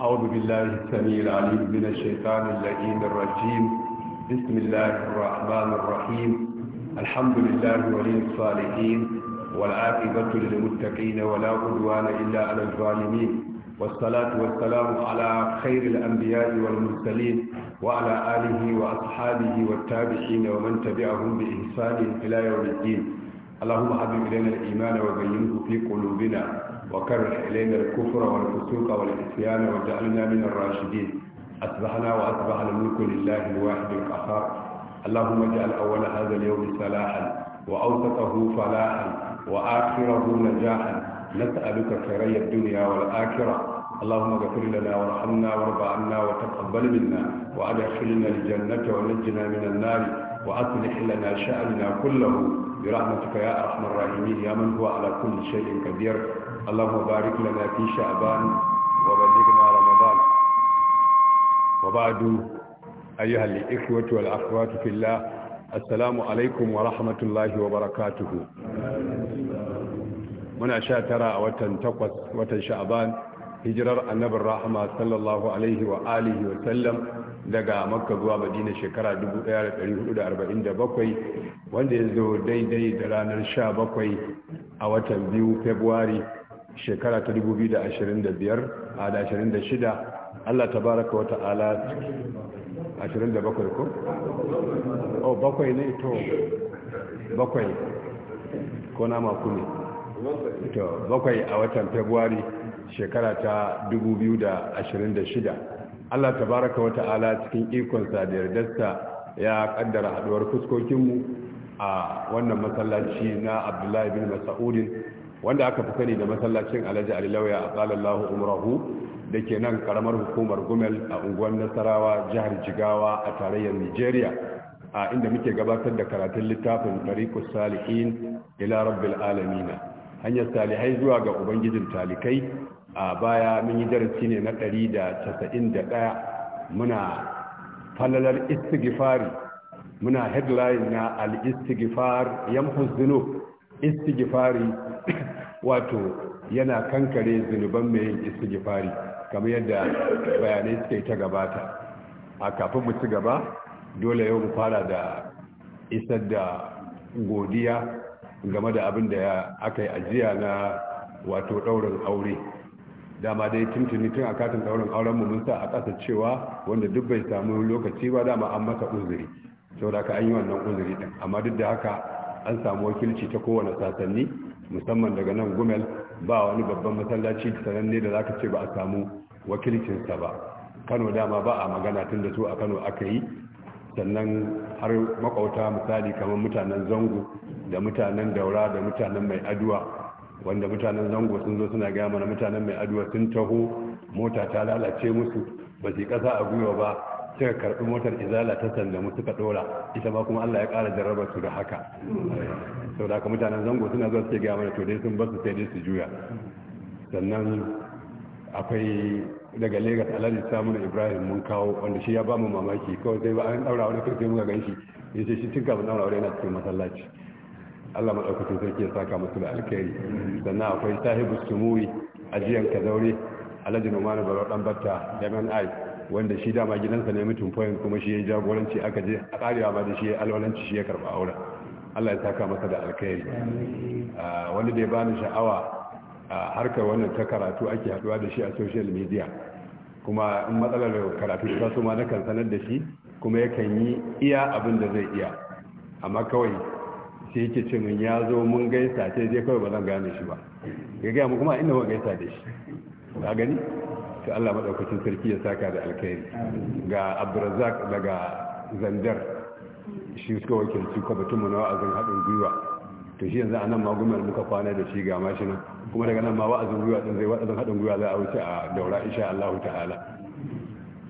أعوذ بالله السميع العليم من الشيطان اللئيم الرجيم بسم الله الرحمن الرحيم الحمد لله ولي الصالحين والعاقبة للمتقين ولا عدوان إلا على الظالمين والصلاة والسلام على خير الأنبياء والمرسلين وعلى آله وأصحابه والتابعين ومن تبعهم بإحسان إلى يوم الدين اللهم حبب إلينا الإيمان وبينه في قلوبنا وكره إلينا الكفر والفسوق والعصيان وجعلنا من الراشدين أصبحنا وأصبح الملك لله الواحد القهار اللهم اجعل أول هذا اليوم صلاحا وأوسطه فلاحا وآخره نجاحا نسألك خيري الدنيا والآخرة اللهم اغفر لنا وارحمنا وارض عنا وتقبل منا وادخلنا الجنة ونجنا من النار واصلح لنا شأننا كله برحمتك يا ارحم الراحمين يا من هو على كل شيء قدير اللهم بارك لنا في شعبان وبلغنا رمضان وبعد أيها الإخوة والأخوات في الله السلام عليكم ورحمة الله وبركاته muna sha tara a watan takwas watan sha'aban hijirar annabin rahama sallallahu alaihi wa wa sallam daga makka zuwa madina shekara 1447 wanda ya zo daidai da ranar 17 a watan biyu februari shekara ta 2025 a da 26 Allah ta tabaraka wa ta'ala 27 ko? oh bakwai ne to bakwai ko na maku ne to bakwai a watan februari shekara ta 2026 Allah ta baraka wata ala cikin ikonsa da yardarsa ya kaddara haduwar fuskokinmu a wannan matsalaci na Abdullahi bin masa'udin wanda aka fi sani da masallacin alhaji ali lauya a tsalallahu umrahu da ke nan karamar hukumar gumel a unguwar nasarawa jihar jigawa a tarayyar nigeria a inda muke gabatar da karatun littafin tariqus salihin ila rabbil alamina hanyar salihai zuwa ga ubangijin talikai a baya mun yi darasi ne na 191 muna falalar istighfari muna headline na al-istighfar yamhu dhunub istighfari wato yana kankare zunuban mai yin istighfari kamar yadda bayanai suke ta gabata a kafin mu ci gaba dole yau mu fara da isar da godiya game da abin da aka yi ajiya na wato ɗaurin aure dama dai tuntuni tun a katin ɗaurin auren mu mun sa a ƙasa cewa wanda duk bai samu lokaci ba dama an masa uzuri saboda ka an yi wannan uzuri din amma duk da haka an samu wakilci ta kowane sasanni musamman daga nan gumel ba wani babban masallaci sananne da zaka ce ba a samu wakilcinsa ba kano dama ba a magana tun da su a kano aka yi sannan har makauta misali kamar mutanen zango da mutanen daura da mutanen mai aduwa wanda mutanen zango sun zo suna gaya mana mutanen mai aduwa sun taho mota ta lalace musu ba su kasa a gwiwa ba suka karbi motar izala ta mu suka dora ita ba kuma Allah ya ƙara jarraba su da haka sau da mutanen zango suna zuwa suke gaya mana to dai sun basu sai dai su juya sannan akwai daga lagos alhaji samun ibrahim mun kawo wanda shi ya ba mu mamaki kawai sai ba an daura wani kirki muka gan shi ya ce shi tun kafin daura wani yana cikin masallaci allah maɗaukacin sarki ya saka musu da alkhairi sannan akwai sahibu sumuri ajiyan kazaure alhaji numanu barau dan batta mni wanda shi dama gidansa ne mutum point kuma shi ya jagoranci aka je a karewa ba da shi ya alwalanci shi ya karba aure Allah ya saka masa da alkhairi ah, wani da ya bani sha'awa harkar wannan ta karatu ake haduwa da shi a social media kuma in matsalar karatu ta so ma nakan sanar da shi kuma yakan yi iya abin da zai iya amma kawai sai yake ce mun ya zo mun gaisa sai dai kawai ba zan gane shi ba ya gaya mu kuma inda ba gaisa da shi ka gani ta Allah madaukakin sarki ya saka da alkhairi ga Abdurrazzaq daga Zandar shi suka wakilci kwamitinmu na wa'azin haɗin gwiwa to shi yanzu anan ma gumar muka kwana da shi ga mashina, kuma daga nan ma wa'azin gwiwa din zai wa'azin haɗin gwiwa za a wuce a daura insha Allah ta'ala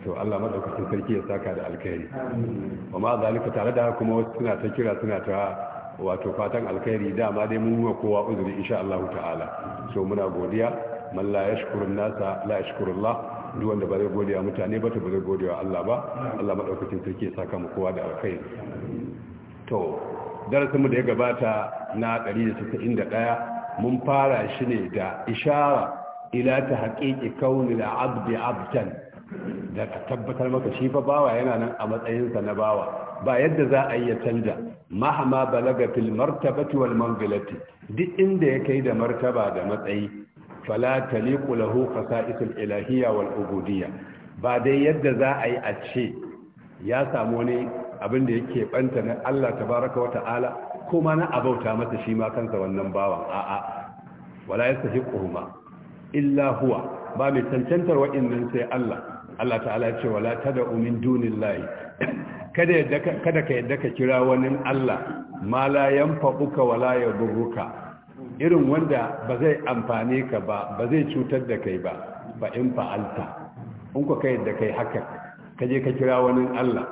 to Allah madaukakin sarki ya saka da alkhairi amma zalika tare da kuma wasu suna ta kira suna ta wato fatan alkhairi dama dai mun yi kowa uzuri insha Allah ta'ala so muna godiya man la yashkurun nasa la Allah duk wanda ba zai gode wa mutane ba ta ba zai gode wa Allah ba Allah madaukakin sarki ya saka mu kowa da alkhairi to darasin mu da ya gabata na 191 mun fara shi ne da ishara ila ta haqiqi kauni la abdi abdan da tabbatar maka shi fa bawa yana nan a matsayinsa na bawa ba yadda za a yi ya canja mahama balaga fil martabati wal manzilati duk inda ya kai da martaba da matsayi fala taliqu lahu khasa'isul ilahiyya wal ubudiyya ba dai yadda za a yi a ce ya samu wani abin da yake banta na Allah tabaraka wa ta'ala kuma na abauta masa shi ma kansa wannan bawan a'a wala yastahiquhuma illa huwa ba mai tantantar wa'annan sai Allah Allah ta'ala ya ce wala tad'u min dunillahi kada kada ka yadda ka kira wani Allah ma la yanfa'uka wala yadurruka irin wanda ba zai amfani ka ba ba zai cutar da kai ba ba in fa'alta in ku kai da kai haka ka je ka kira wani Allah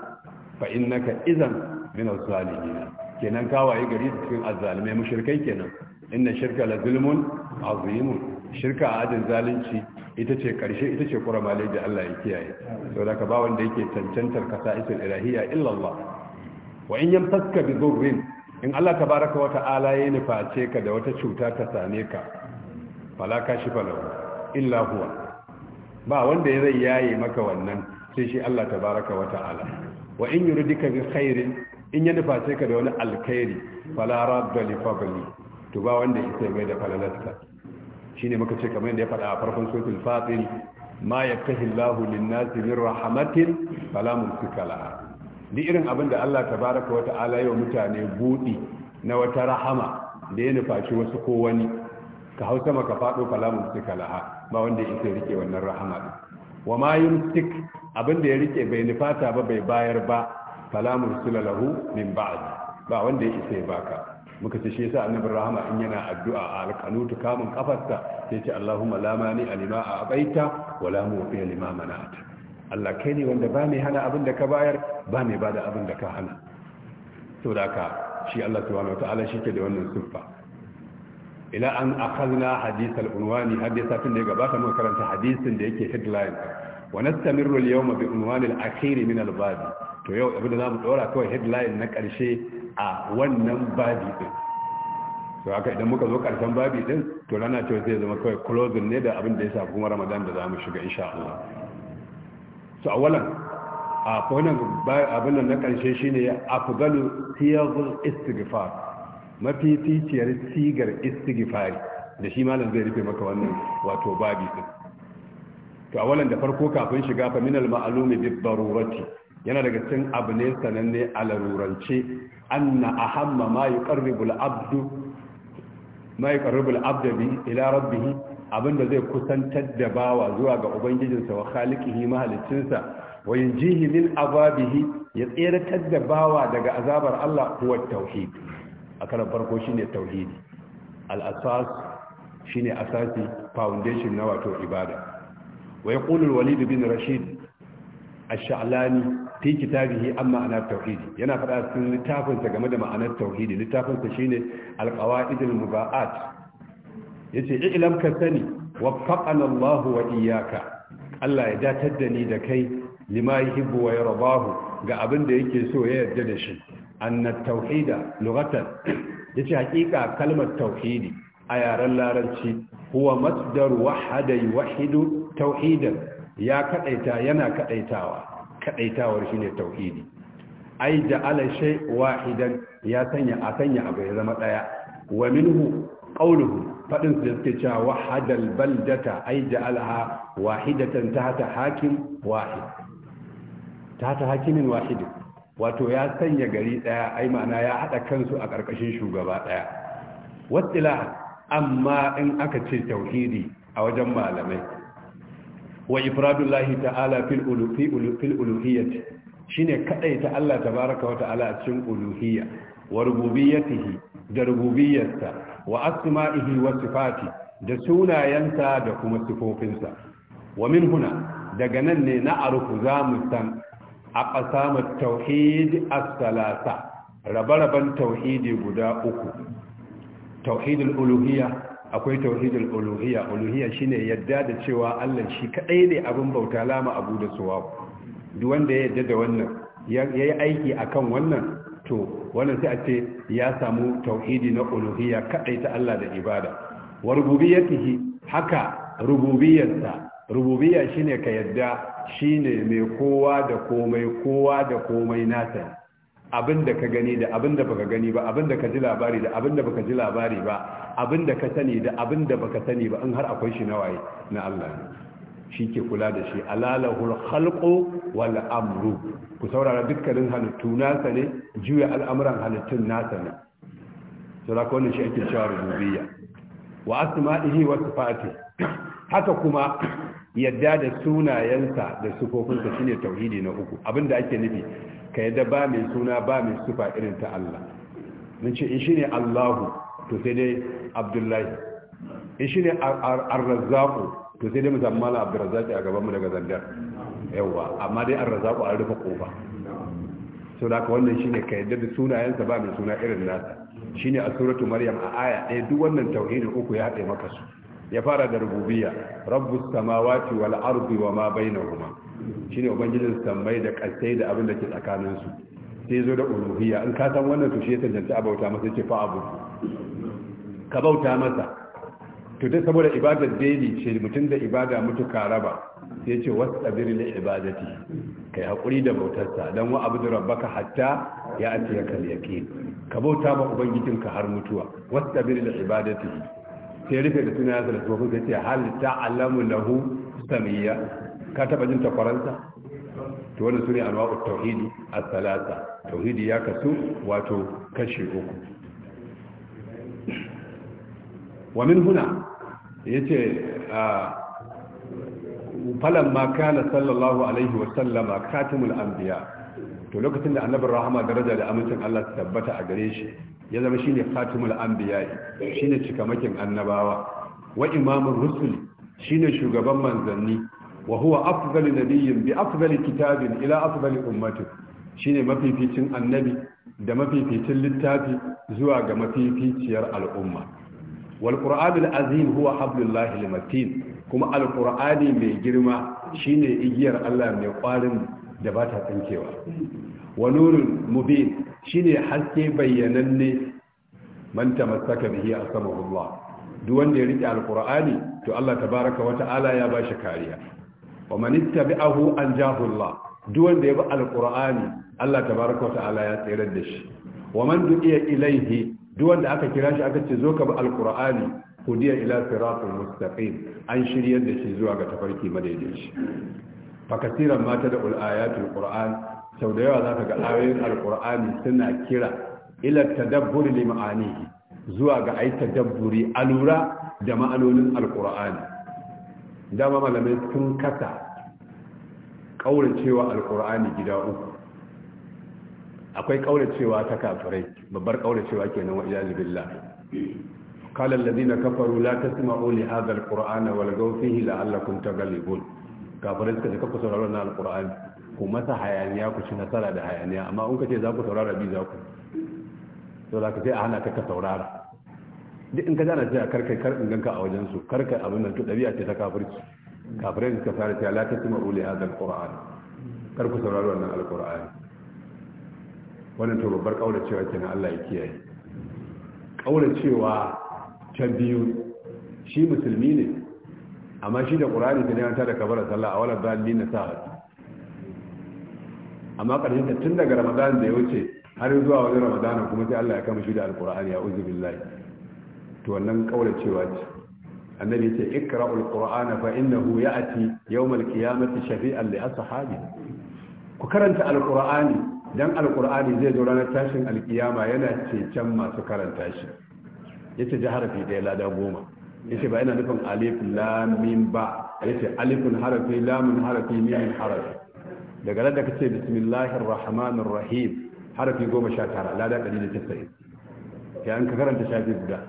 fa naka izan min az kenan ka waye gari cikin azzalimai mushrikai kenan inna shirka la zulmun azim shirka ajin zalunci ita ce karshe ita ce kuramale da Allah ya kiyaye saboda ka ba wanda yake cancantar kasa isil ilahiya illallah Allah wa in yamtaska bi dhurrin in Allah ta baraka wata ala ya nuface ka da wata cuta ta same ka fala shi falau illa huwa ba wanda ya zai yaye maka wannan sai shi Allah ta baraka wata ala. wa in yuridika bi khairin in ya nuface ka da wani alkhairi fala radda li fadli to ba wanda yake mai da Shi ne muka ce kamar yadda ya faɗa a farkon suratul fatir ma yaftahi Allahu lin-nasi min rahmatin fala mumsika laha duk irin abin da Allah tabaraka wa ta'ala yau mutane buɗi na wata rahama da ya nufaci wasu ko wani ka hau sama ka faɗo kalamun su kalaha ba wanda ya isa rike wannan rahama din wa ma yumsik abin da ya rike bai nufata ba bai bayar ba kalamun sulalahu min ba'd ba wanda ya isa ya baka muka ce shi yasa annabin rahama in yana addu'a a kamun kafarsa sai ce Allahumma la mani alima a abaita wa la muwfi lima mana'at Allah kai ne wanda ba mai hana abin da ka bayar ba mai bada abin da ka hana to da ka shi Allah subhanahu ta'ala shi ke da wannan siffa ila an akhadna hadith al-unwani hadithatin da gabata mun karanta hadisin da yake headline wa nastamiru al-yawma bi unwan al-akhir min al-bab to yau abin da zamu dora kawai headline na karshe a wannan babi din to haka idan muka zo karshen babi din to rana ce zai zama kawai closing ne da abin da ya shafi kuma Ramadan da zamu shiga insha Allah to awalan a wannan abin nan na karshe shine afdalu siyagul istighfar mafi ticiyar sigar istighfari da shi malam zai rufe maka wannan wato babi din to awalan da farko kafin shiga fa minal ma'lumi bi darurati yana daga cikin abu ne sananne a larurance anna ahamma ma yuqarribu al-abdu ma yuqarribu al-abda bi ila rabbih abinda zai kusantar da bawa zuwa ga ubangijinsa wa khaliqihi mahalicinsa wa jihi min azabihi ya tseratar da bawa daga azabar Allah kuwa tauhid a karan farko shine tauhidi al-asas shine asasi foundation na wato ibada wa yaqulu al-walid bin rashid ash-sha'lani fi kitabihi amma ana tauhidi yana faɗa cikin littafinsa game da ma'anar tauhidi littafinsa shine al-qawaid al-muba'at yace ilam ka sani waffaqana Allah wa iyyaka Allah ya datar da ni da kai lima yuhibbu wa ga abin da yake so ya yarda da shi anna tauhida lughatan yace hakika kalmar tauhidi a yaren larabci huwa masdar wahada yuwahidu tauhidan ya kadaita yana kadaitawa kadaitawar shine tauhidi ai ala shay wahidan ya sanya a sanya abu ya zama daya wa minhu qawluhu fadin da suke cewa wahadal baldata ai da ja'alaha wahidatan tahta hakim wahid ta ta hakimin wahidin wato ya sanya gari daya ai ma'ana ya hada kansu a karkashin shugaba daya wasila amma in aka ce tauhidi a wajen malamai wa ifradullahi ta'ala fil ulufi fil uluhiyyati shine ta Allah tabaaraka wa ta'ala a cikin uluhiyya wa rububiyyatihi da rububiyyarsa wa asma'ihi wa sifati da sunayensa da kuma sifofinsa wa min huna daga nan ne na arufu za mu san aqsamu tauhidi a salasa rabe-raben tauhidi guda uku Tauhidin uluhiyya akwai tauhidin uluhiyya uluhiyya shine yadda da cewa Allah shi kadai ne abin bauta lama abu da Suwaku. duk wanda ya yadda da wannan yayi aiki akan wannan to wannan sai a ce ya samu tauhidi na uluhiyya kadai ta Allah da ibada wa rububiyyatihi haka rububiyyarsa rububiyya shine ka yadda Shi ne mai kowa da komai kowa da komai nata abin da ka gani da abin da baka gani ba abin da ka ji labari da abin baka ji labari ba abin ka sani da abin baka sani ba in har akwai shi nawaye na Allah shi ke kula da shi alalahul khalqu wal amru ku saurara dukkanin halittu nasa ne juya al'amuran halittun nasa ne saboda wannan shi ake cewa rububiyya wa asma'ihi wa sifatihi haka kuma yadda da sunayensa da sufofinsa shine tauhidi na uku abinda ake nufi ka yadda ba mai suna ba mai sufa irin ta Allah mun ce in shine Allahu to sai dai Abdullahi in shine Ar-Razzaq to sai dai mu samu Malam Abdurrazzaq a gaban mu daga Zandar yawa amma dai Ar-Razzaq an rufe kofa so da wannan shine ka yadda da sunayensa ba mai suna irin nasa shine a suratu Maryam a aya ɗaya duk wannan tauhidin uku ya haɗe maka su ya fara da rububiyya rabbus samawati wal ardi wa ma bainahuma shine ubangijin sammai da kasai da abin da ke tsakanin su sai zo da uluhiyya in ka san wannan to shi ya tantance abauta masa ce fa abu ka bauta masa to dai saboda ibadar daily ce mutum da ibada mutuka raba sai ce wasabir li ibadati kai hakuri da bautarsa dan wa abudu rabbaka hatta ya atiyaka al yaqin ka bauta ba ubangijinka har mutuwa wasabir li ibadati sai rufe da suna yasa da tsohon sai ce hal ta'alamu lahu samiyya ka taba jin takwaransa to wannan sune anwa'ut tauhidi a salasa tauhidi ya kasu wato kashi uku wa min huna a falon ma kana sallallahu alaihi wa sallama khatimul anbiya to lokacin da annabin rahama daraja da amincin Allah ta tabbata a gare shi ya zama shine khatimul anbiya shine cikamakin annabawa wa imamur rusul shine shugaban manzanni wa huwa afdalu nabiyyin bi afdali kitabin ila afdali ummati shine mafificin annabi da mafificin littafi zuwa ga mafificiyar al'umma wal qur'anul azim huwa hablullahi al kuma al-qur'ani mai girma shine igiyar Allah mai kwarin da ba ta tsankewa wa nurul mubin shine haske bayyananne man tamassaka bihi asamahu Allah duk wanda ya rike alqur'ani to Allah tabaaraka wa ta'ala ya bashi kariya wa man ittabi'ahu anjahu Allah duk wanda ya bi alqur'ani Allah tabaaraka wa ta'ala ya tsirar da shi wa man du'iya ilayhi duk wanda aka kira shi aka ce zo ka bi alqur'ani hudiya ila siratul mustaqim an shiryar da shi zuwa ga tafarki madaidaici fakasiran mata da ul'ayatul qur'an sau da yawa zaka ga ayoyin alqur'ani suna kira ila tadabburi li ma'anihi zuwa ga ayi tadabburi alura da ma'anonin alqur'ani dama malamai sun kasa kauracewa alqur'ani gida uku akwai cewa ta kafirai babbar kauracewa kenan wa iyazu billah قال الذين كفروا لا تسمعوا لهذا القرآن والغوا فيه لعلكم تغلبون kafirai suka ce kakku sauraron na alkur'ani ku masa hayaniya ku ci nasara da hayaniya amma in ka ce za ku saurara bi za ku to za ka sai a hana ka saurara duk in ka jana ce a karkai kar in ganka a wajen su karkai abin nan to ɗabi'a ce ta kafirci kafirai suka fara cewa la ta tuma ule zan qur'an kar ku saurara wannan alqur'ani wannan to babbar kaura cewa na Allah ya kiyaye kaura cewa ta biyu shi musulmi ne amma shi da qur'ani da ya da kabara sallah a wala dalilin sa'a amma ƙarshen ta tun daga ramadan da ya wuce har zuwa wajen ramadan kuma sai Allah ya kama shi da alqur'ani ya uzu billahi to wannan kaula cewa ce annabi yace ikra'ul qur'ana fa innahu ya'ti yawmal qiyamati shafi'an li ashabi ku karanta alqur'ani dan alkur'ani zai zo ranar tashin alkiyama yana cecen masu karanta shi ya ce ji harafi ɗaya lada goma yace ba ina nufin alif lam mim ba yace alifun harafi lamun harafi mimin harafi daga ran da kace bismillahir rahmanir rahim harafi 19 lada 190 ya an ka karanta shafi guda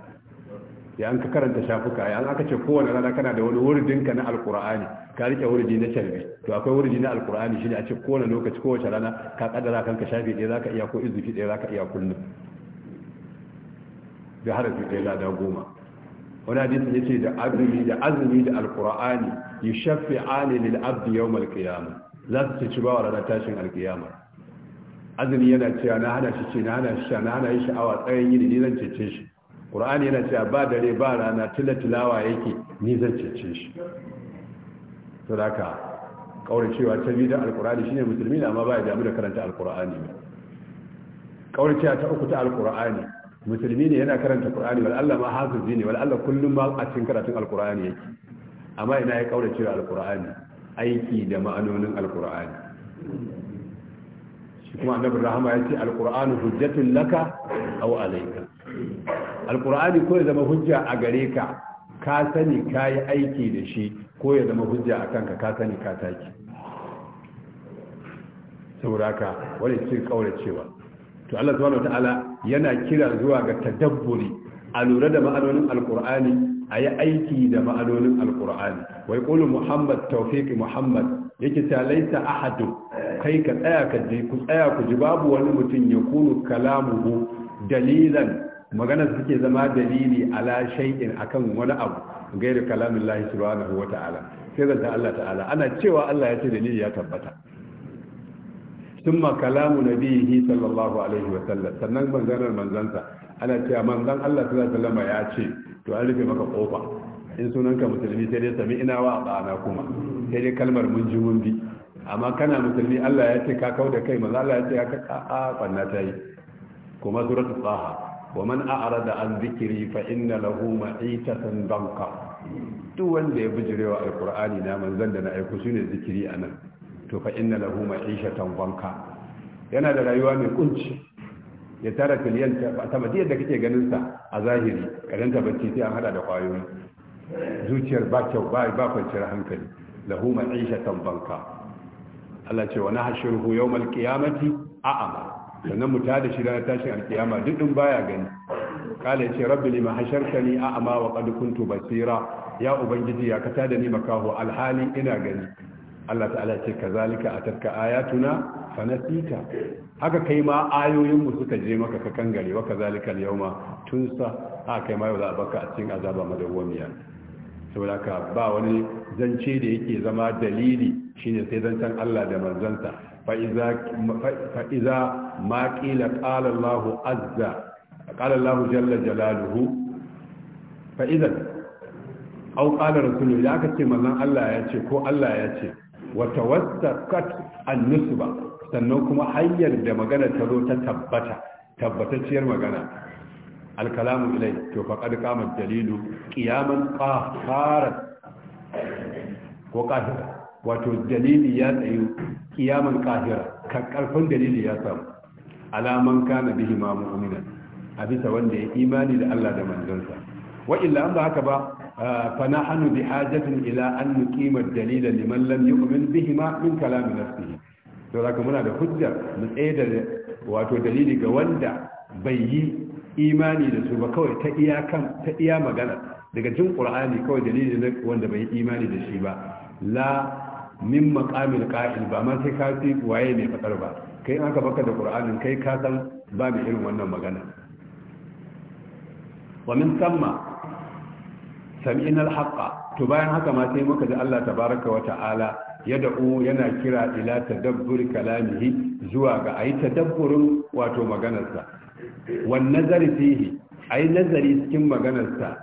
ya an ka karanta shafuka ya an aka ce kowane rana kana da wani wuridin ka na alqur'ani ka rike wurdi na sharbi to akwai wurdi na alqur'ani shine a ce kowane lokaci kowace rana ka kaddara kanka shafi ɗaya zaka iya ko izufi ɗaya zaka iya kullum da harafi ɗaya lada goma wani hadisin yace da azumi da azumi da alqur'ani yashfi'ani lil abdi yawm alqiyamah za su ci bawa ranar tashin alqiyamah azumi yana cewa na hana shi ce na hana shi na hana shi awa tsayin yini ni zan cece shi qur'ani yana cewa ba dare ba rana tilatilawa yake ni zan cece shi to haka kauracewa ta biyu da alqur'ani shine musulmi amma ba ya damu da karanta alqur'ani ba kauracewa ta uku ta alqur'ani musulmi ne yana karanta qur'ani wal Allah ma hafizi ne wal Allah kullum ma a cikin karatun alqur'ani yake amma ina ya kaura cewa alqur'ani aiki da ma'anonin alqur'ani shi kuma annabi rahama yace alqur'anu hujjatun laka aw alayka alqur'ani ko ya zama hujja a gare ka ka sani kayi aiki da shi ko ya zama hujja a kanka ka sani ka taki saboda haka wani cikin kaura cewa to Allah subhanahu ta'ala. yana kira zuwa ga tadabburi a lura da ma'anonin alkur'ani a yi aiki da ma'anonin alkur'ani wai ƙulu muhammad taufiki muhammad ya ta laisa ahadu kai ka tsaya ka ji ku tsaya ku ji babu wani mutum ya kunu kalamuhu dalilan magana suke zama dalili ala shay'in akan wani abu gairu kalamin lahi subhanahu wa ta'ala sai zanta Allah ta'ala ana cewa Allah ya ce dalili ya tabbata ma kalamu nabihi sallallahu alaihi wa sallam sannan manzanar manzansa ana cewa manzan Allah sallallahu alaihi wa ya ce to an rufe maka kofa in sunanka musulmi sai dai sami ina wa ba'ana kuma sai dai kalmar mun ji mun bi amma kana musulmi Allah ya ce ka kau da kai manzo Allah ya ce ka a'a banna ta yi kuma suratu taha ومن أعرض عن ذكري فإن له معيشة banka. duk wanda ya bijirewa alkur'ani na manzan da na aiko shine zikiri anan to fa inna lahu ma'ishatan banka yana da rayuwa mai kunci ya tara filiyan ta madiyar da kake ganin sa a zahiri karanta bacci sai an hada da kwayoyi zuciyar ba kyau ba ba kwanciyar hankali lahu ma'ishatan banka Allah ce wa nahshuruhu yawmal qiyamati a'ama sannan mu tada shi ranar tashin alkiyama duk din baya gani kala ya ce rabbi lima hashartani a'ama wa qad basira ya ubangiji ya ka tada ni makaho alhali ina gani Allah ta'ala ce kazalika atatka ayatuna fanasita haka kai ma ayoyin mu suka je maka ka kangare wa kazalika al-yawma tunsa a kai ma yau za a baka a cikin azaba madawwamiya saboda ka ba wani zance da yake zama dalili shine sai zancen Allah da manzansa fa iza fa iza ma qila qala Allah azza qala Allah jalla jalaluhu fa idan au qala rasulullahi aka ce manzon Allah ya ce ko Allah ya ce wata wasta kat ba sannan kuma hanyar da magana ta zo ta tabbata tabbatacciyar magana alkalamu ilai to faqad kama dalilu qiyaman qahara ko qahira wato dalili ya tsayu qiyaman qahira ka karfin dalili ya samu alaman kana bihi ma mu'mina a bisa wanda ya imani da Allah da manzonsa wa illa an ba haka ba فنحن بحاجة إلى أن نقيم الدليل لمن لم يؤمن بهما من كلام نفسه to zaka muna da hujjar mu tsaye da wato dalili ga wanda bai yi imani da su ba kawai ta iya kan ta iya magana daga jin qur'ani kawai dalili ne wanda bai yi imani da shi ba la min maqamil qa'il ba ma sai ka fi waye mai fadar ba kai aka baka da qur'anin kai ka san ba mu irin wannan magana wa min samma sami'na al to bayan haka ma sai muka ji Allah tabaraka wa ta'ala ya da'u yana kira ila tadabburi kalamihi zuwa ga ayi tadabburin wato maganarsa wan nazari fihi ayi nazari cikin maganarsa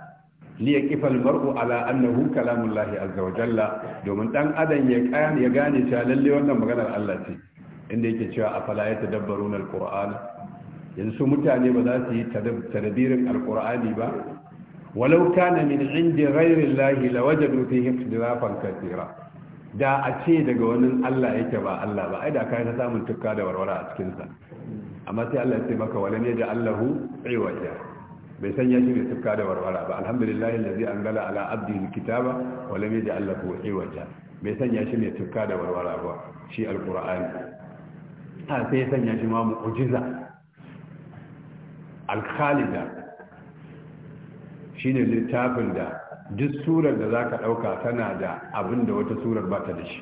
li yaqifa al ala annahu kalamullahi azza wa jalla domin dan adam ya kayan ya gane cewa lalle wannan maganar Allah ce inda yake cewa afala ya tadabbaruna al yanzu mutane ba za su yi tadabbirin al ba walau kana min indi ghairi llahi lawajadu fihi ikhtilafan katira da a ce daga wani Allah yake ba Allah ba ai da ka yi ta samun tukka da warware a cikinsa. amma sai Allah ya ce maka walam yaja Allahu iwaja bai sanya shi ne tukka da warware ba alhamdulillahi an anzala ala abdihi alkitaba walam yaja Allahu iwaja bai sanya shi ne tukka da warware ba shi alqur'ani ha sai ya sanya shi ma mu'jiza alkhalida shine littafin da duk surar da zaka dauka tana da abin da wata surar ba ta da shi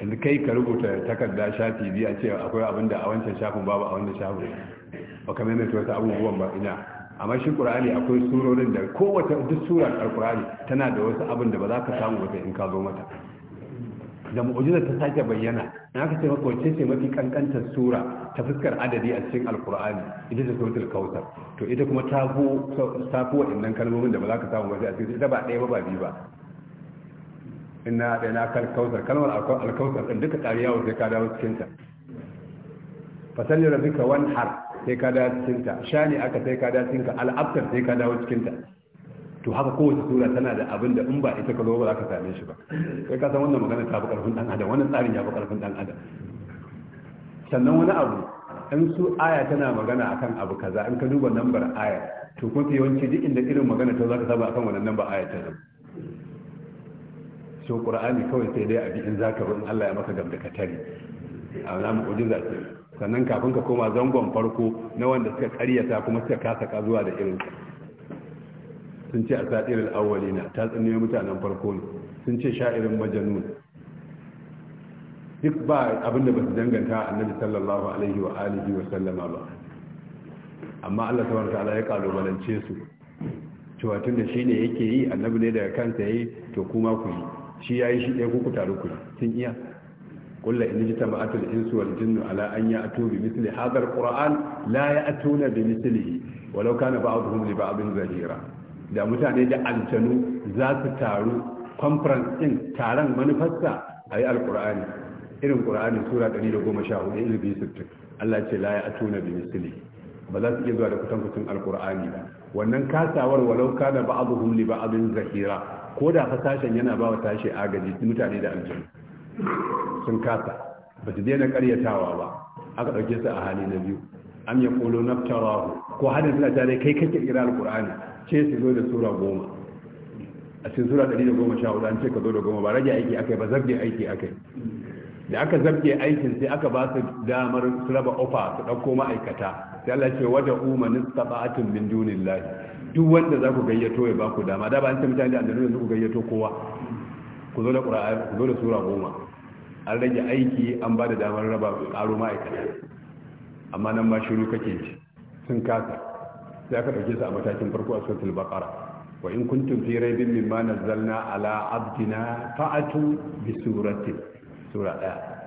yanzu kai ka rubuta takarda shafi biya ce akwai abin da a wancan shafin babu a wannan shafin ba ka maimaita wata abubuwan ba ina amma shi qur'ani akwai surorin da kowace duk surar alqur'ani tana da wasu abin da ba za ka samu ba in ka zo mata da mu'ujizar ta sake bayyana na aka ce maka wacce ce mafi kankantar sura ta fuskar adadi a cikin alkur'ani ita ce suratul kautsar to ita kuma ta fi ta fi waɗannan kalmomin da ba za ka samu ba sai a cikin ita ba ɗaya ba ba biyu ba ina da na kal kautsar kalmar alkautar ɗin duka ƙariya yawon sai ka dawo cikin ta fasalli rabbika har sai ka dawo cikin ta shani aka sai ka dawo cikin ka al'abtar sai ka dawo cikin ta to haka kowace sura tana da abin da in ba ita ka zo ba za ka same shi ba sai ka san wannan magana ta fi karfin dan adam wannan tsarin ya fi karfin dan adam sannan wani abu in su aya tana magana akan abu kaza in ka duba lambar aya to kun fi yawanci duk inda irin magana ta za ka saba akan wannan lambar aya ta zama so qur'ani kawai sai dai a bi in zaka in Allah ya maka gamda ka tare a wani mu'jiza ce sannan kafin ka koma zangon farko na wanda suka karyata kuma suka kasa ka zuwa da irin sun ce a satirar na. ta tsanne mutanen farko ne sun ce sha'irin majanun duk ba abinda ba su danganta annabi sallallahu alaihi wa alihi wa sallama ba amma Allah subhanahu ta'ala ya kalubalance su cewa tun da ne yake yi annabi ne daga kansa yi, to kuma ku yi shi yayi shi ɗaya ku taru ku sun iya kullu in jita ma'atul insu wal jinnu ala an ya'tu bi mithli hadha quran la ya'tuna bi mithlihi walau kana ba'dhum li ba'dhin zahira da mutane da aljanu za su taru conference din taron manufarsa a yi alkur'ani irin kur'ani sura 114 ilbi 60 Allah ce la ya atuna bi misli ba za su iya zuwa da kusan alkur'ani ba wannan kasawar walau kana ba'dhum li ba'dhin zahira ko da fasashen yana ba wa tashi agaji mutane da aljanu sun kasa ba su daina karyatawa ba aka ɗauke su a hali na biyu an ya ƙolo naftarahu ko hadin suna tare kai kake kira alkur'ani ce su zo da sura goma a cikin sura ɗari da goma sha hudu an ce ka zo da goma ba rage aiki akai ba zabge aiki akai da aka zarge aikin sai aka ba su damar su raba ofa su ɗauko ma'aikata sai Allah ce wada umanin saba'atin min dunillahi duk wanda za ku gayyato ya ba ku dama da ba an ce mutane da annabi yanzu ku gayyato kowa ku zo da qur'ani ku zo da sura goma an rage aiki an ba da damar raba ƙaro ma'aikata amma nan ma shiru kake ji sun kasa sai aka ɗauke su a matakin farko a suratul baqara wa in kuntum fi raybin mimma nazzalna ala abdina fa'atu bi surati sura daya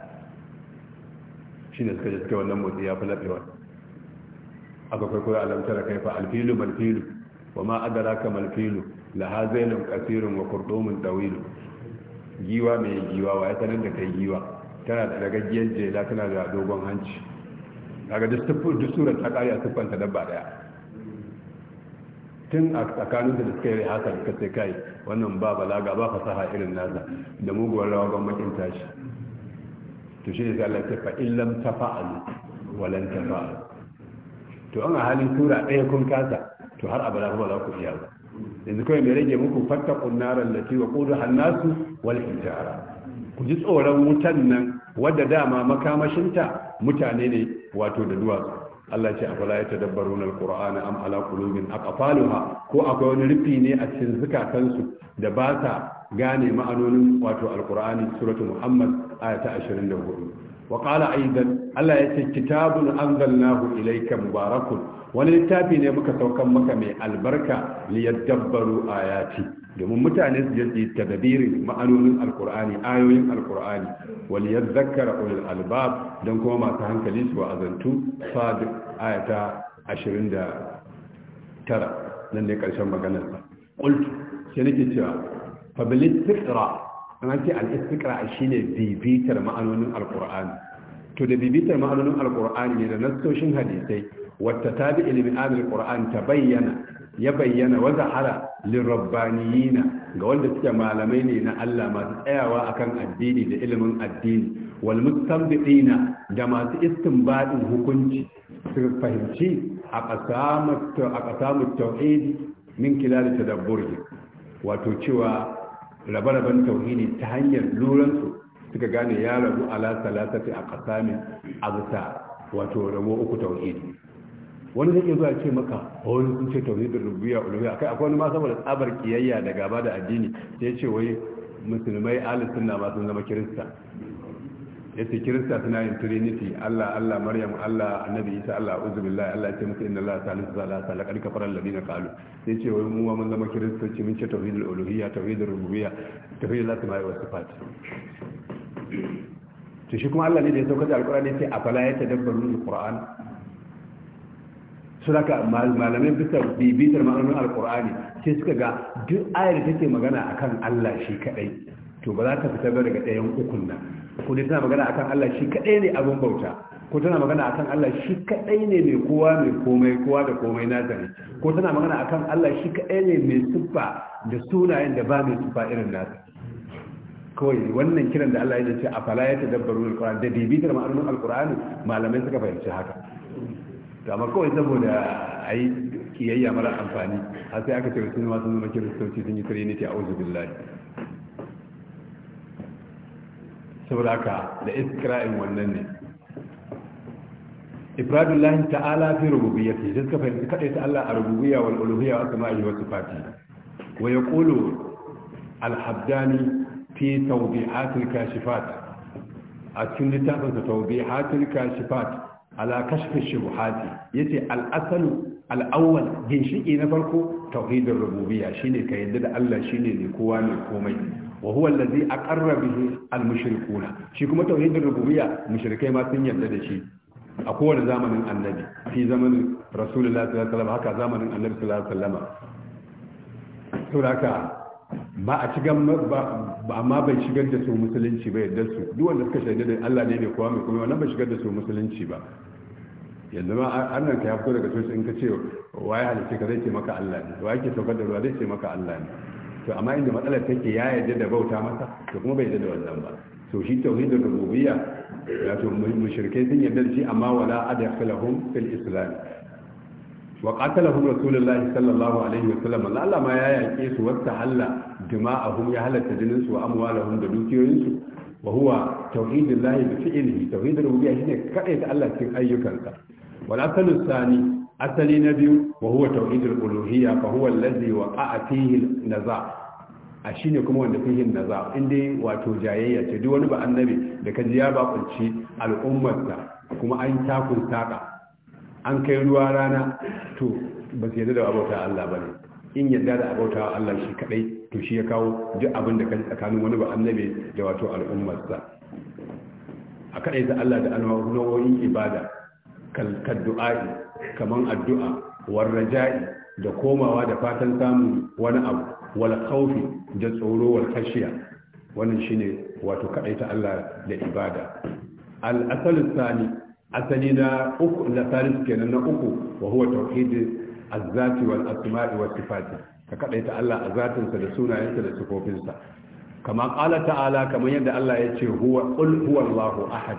shine suka je suka wannan motsi ya falabewa aka kai koyo kai kaifa alfilu malfilu wa ma adraka malfilu laha zailun kathirun wa qurdumun tawil giwa mai giwa wa ya sanar da kai giwa tana da ragaggiyar jela tana da dogon hanci daga duk sura ta kare a siffanta dabba daya tun a tsakanin da suka yi haka da kace kai wannan ba balaga ba fasaha irin nasa da muguwar rawa ga makin tashi to shi ne Allah ya fa illam tafa'al walan tafa'al to an a halin tura ɗaya kun kasa to har abada ba za ku iya ba yanzu kawai mai rage muku fattakun naran lati wa kudu hannasu wal hijara ku ji tsoron wutan nan wadda dama makamashinta mutane ne wato da duwatsu Allah ce afala ya tadabbaruna alqur'ana am ala qulubin aqfaluha ko akwai wani rufi ne a cikin zukatansu da ba sa gane ma'anonin wato Alƙur'ani suratu muhammad aya ta 24 Waƙala qala aidan Allah yace kitabun anzalnahu ilayka mubarakun wani littafi ne muka saukan maka mai albarka li yadabbaru ayati domin mutane su yi tadabirin ma'anonin alqur'ani ayoyin alqur'ani wal yadhakkara ulul albab dan kuma masu hankali su azantu sad ayata 29 nan ne karshen maganar sa qultu sai nake cewa fa bil an ce al shi shine bibitar ma'anonin alqur'ani to da bibitar ma'anonin alqur'ani ne da nassoshin hadisai wata bi ilmi amil qur'an ta bayyana ya bayyana wa hara lirabbaniyina ga wanda suke malamai ne na Allah masu tsayawa akan addini da ilimin addini wal mustanbidina da masu istinbadin hukunci su fahimci a qasamut a qasamut tauhid min kilal tadabburi wato cewa rabe-raben tauhidi ta hanyar luransu suka gane ya rabu ala salatati a kasamin abusa wato rabo uku tauhidi wani zai iya zuwa ce maka oh, wani sun ce tauhidin rubuya uluhiya kai akwai wani ma saboda tsabar kiyayya da gaba da addini sai ce wai musulmai alisun na ma sun zama kirista ya ce kirista suna yin trinity allah allah maryam allah annabi isa allah uzu billahi allah ce musu inna allah salisu salasa la karka faral ladina qalu sai ce wai mu mun zama kiristoci mun ce tauhidul uluhiyya tauhidur rububiyya tauhidul asma'i was sifat to shi kuma allah ne da ya sauka da alqur'ani sai afala ya tadabbaru alqur'an suraka malamin bisa bibitar ma'anar alqur'ani sai suka ga duk ayar da take magana akan allah shi kadai to ba za ka fita ba daga ɗayan ukun nan ko dai tana magana akan Allah shi kadai ne abin bauta ko tana magana akan Allah shi kadai ne mai kowa mai komai kowa da komai ko tana magana akan Allah shi kadai ne mai siffa da sunayen da ba mai siffa irin nasa kawai wannan kiran da Allah ya ce a fala ya tadabbaru alquran da bibitar ma'anun alquran malamai suka fahimci haka to amma kawai saboda ai kiyayya mara amfani har sai aka ce sun ma sun zama kiristoci sun yi trinity a billahi saboda haka da iskira'in wannan ne ifradullahi ta'ala fi rububiyyati da suka fahimci kaɗai ta Allah a rububiyya wal uluhiyya wa asma'i wa sifati wa yaqulu al Alhabdani fi tawbi'atil kashifat a cikin littafin sa tawbi'atil kashifat ala kashfi shubuhati yace al-asalu ginshiki na farko tauhidur rububiyya shine ka yadda da Allah shine ne kowa ne komai wa huwa allazi aqarra bihi al-mushrikuna shi kuma tauhidin rububiyya mushrikai ma sun yarda da shi a kowane zamanin annabi fi zamanin rasulullahi sallallahu alaihi wasallam haka zamanin annabi sallallahu alaihi wasallam haka ba a shigar amma bai shigar da su musulunci ba yadda su duk wanda suka shaida da Allah ne ne kuma mai kuma wannan bai shigar da su musulunci ba yanzu ma annan ka ya fito daga soci in ka ce waye halitta ka zai ce maka Allah ne waye ke saukar da ruwa zai ce maka Allah ne to amma inda matsalar take ya yarda da bauta masa to kuma bai yarda da wannan ba to shi tauhidin rububiyya ya to mushrikai sun yarda da shi amma wala adkhulahum fil islam wa qatalahum rasulullahi sallallahu alaihi wasallam Allah ma ya yake su wasta halla dima'ahum ya halatta jinin su wa amwalahum da dukiyoyin su wa huwa tauhidillahi bi fi'lihi tauhidir rububiyya shine kadai ta Allah cikin ayyukansa wal asalu thani asali na biyu wa huwa tauhidul uluhiyya fa huwa allazi waqa'a fihi an-naza a shi ne kuma wanda fihin na za in dai wato jayayya ce duk wani ba annabi da ka ji ya bakunci al'ummarsa kuma an takun taka an kai ruwa rana to ba su yadda da abauta Allah ba ne in yadda da abauta Allah shi kaɗai to shi ya kawo duk abin da kan tsakanin wani ba annabi da wato al'ummarsa a kaɗai da Allah da nau'o'in ibada kan du'a'i kaman addu'a ja'i, da komawa da fatan samun wani abu wal khawfi da tsoro wal khashiya wannan shine wato kadaita Allah da ibada al asal tsani asali na uku na tsarin kenan na uku wa huwa tauhid az wal asma'i was sifati ka kadaita Allah a zatinsa da sunayensa da sifofinsa kama qala ta'ala kamar yadda Allah ya ce huwa qul huwallahu ahad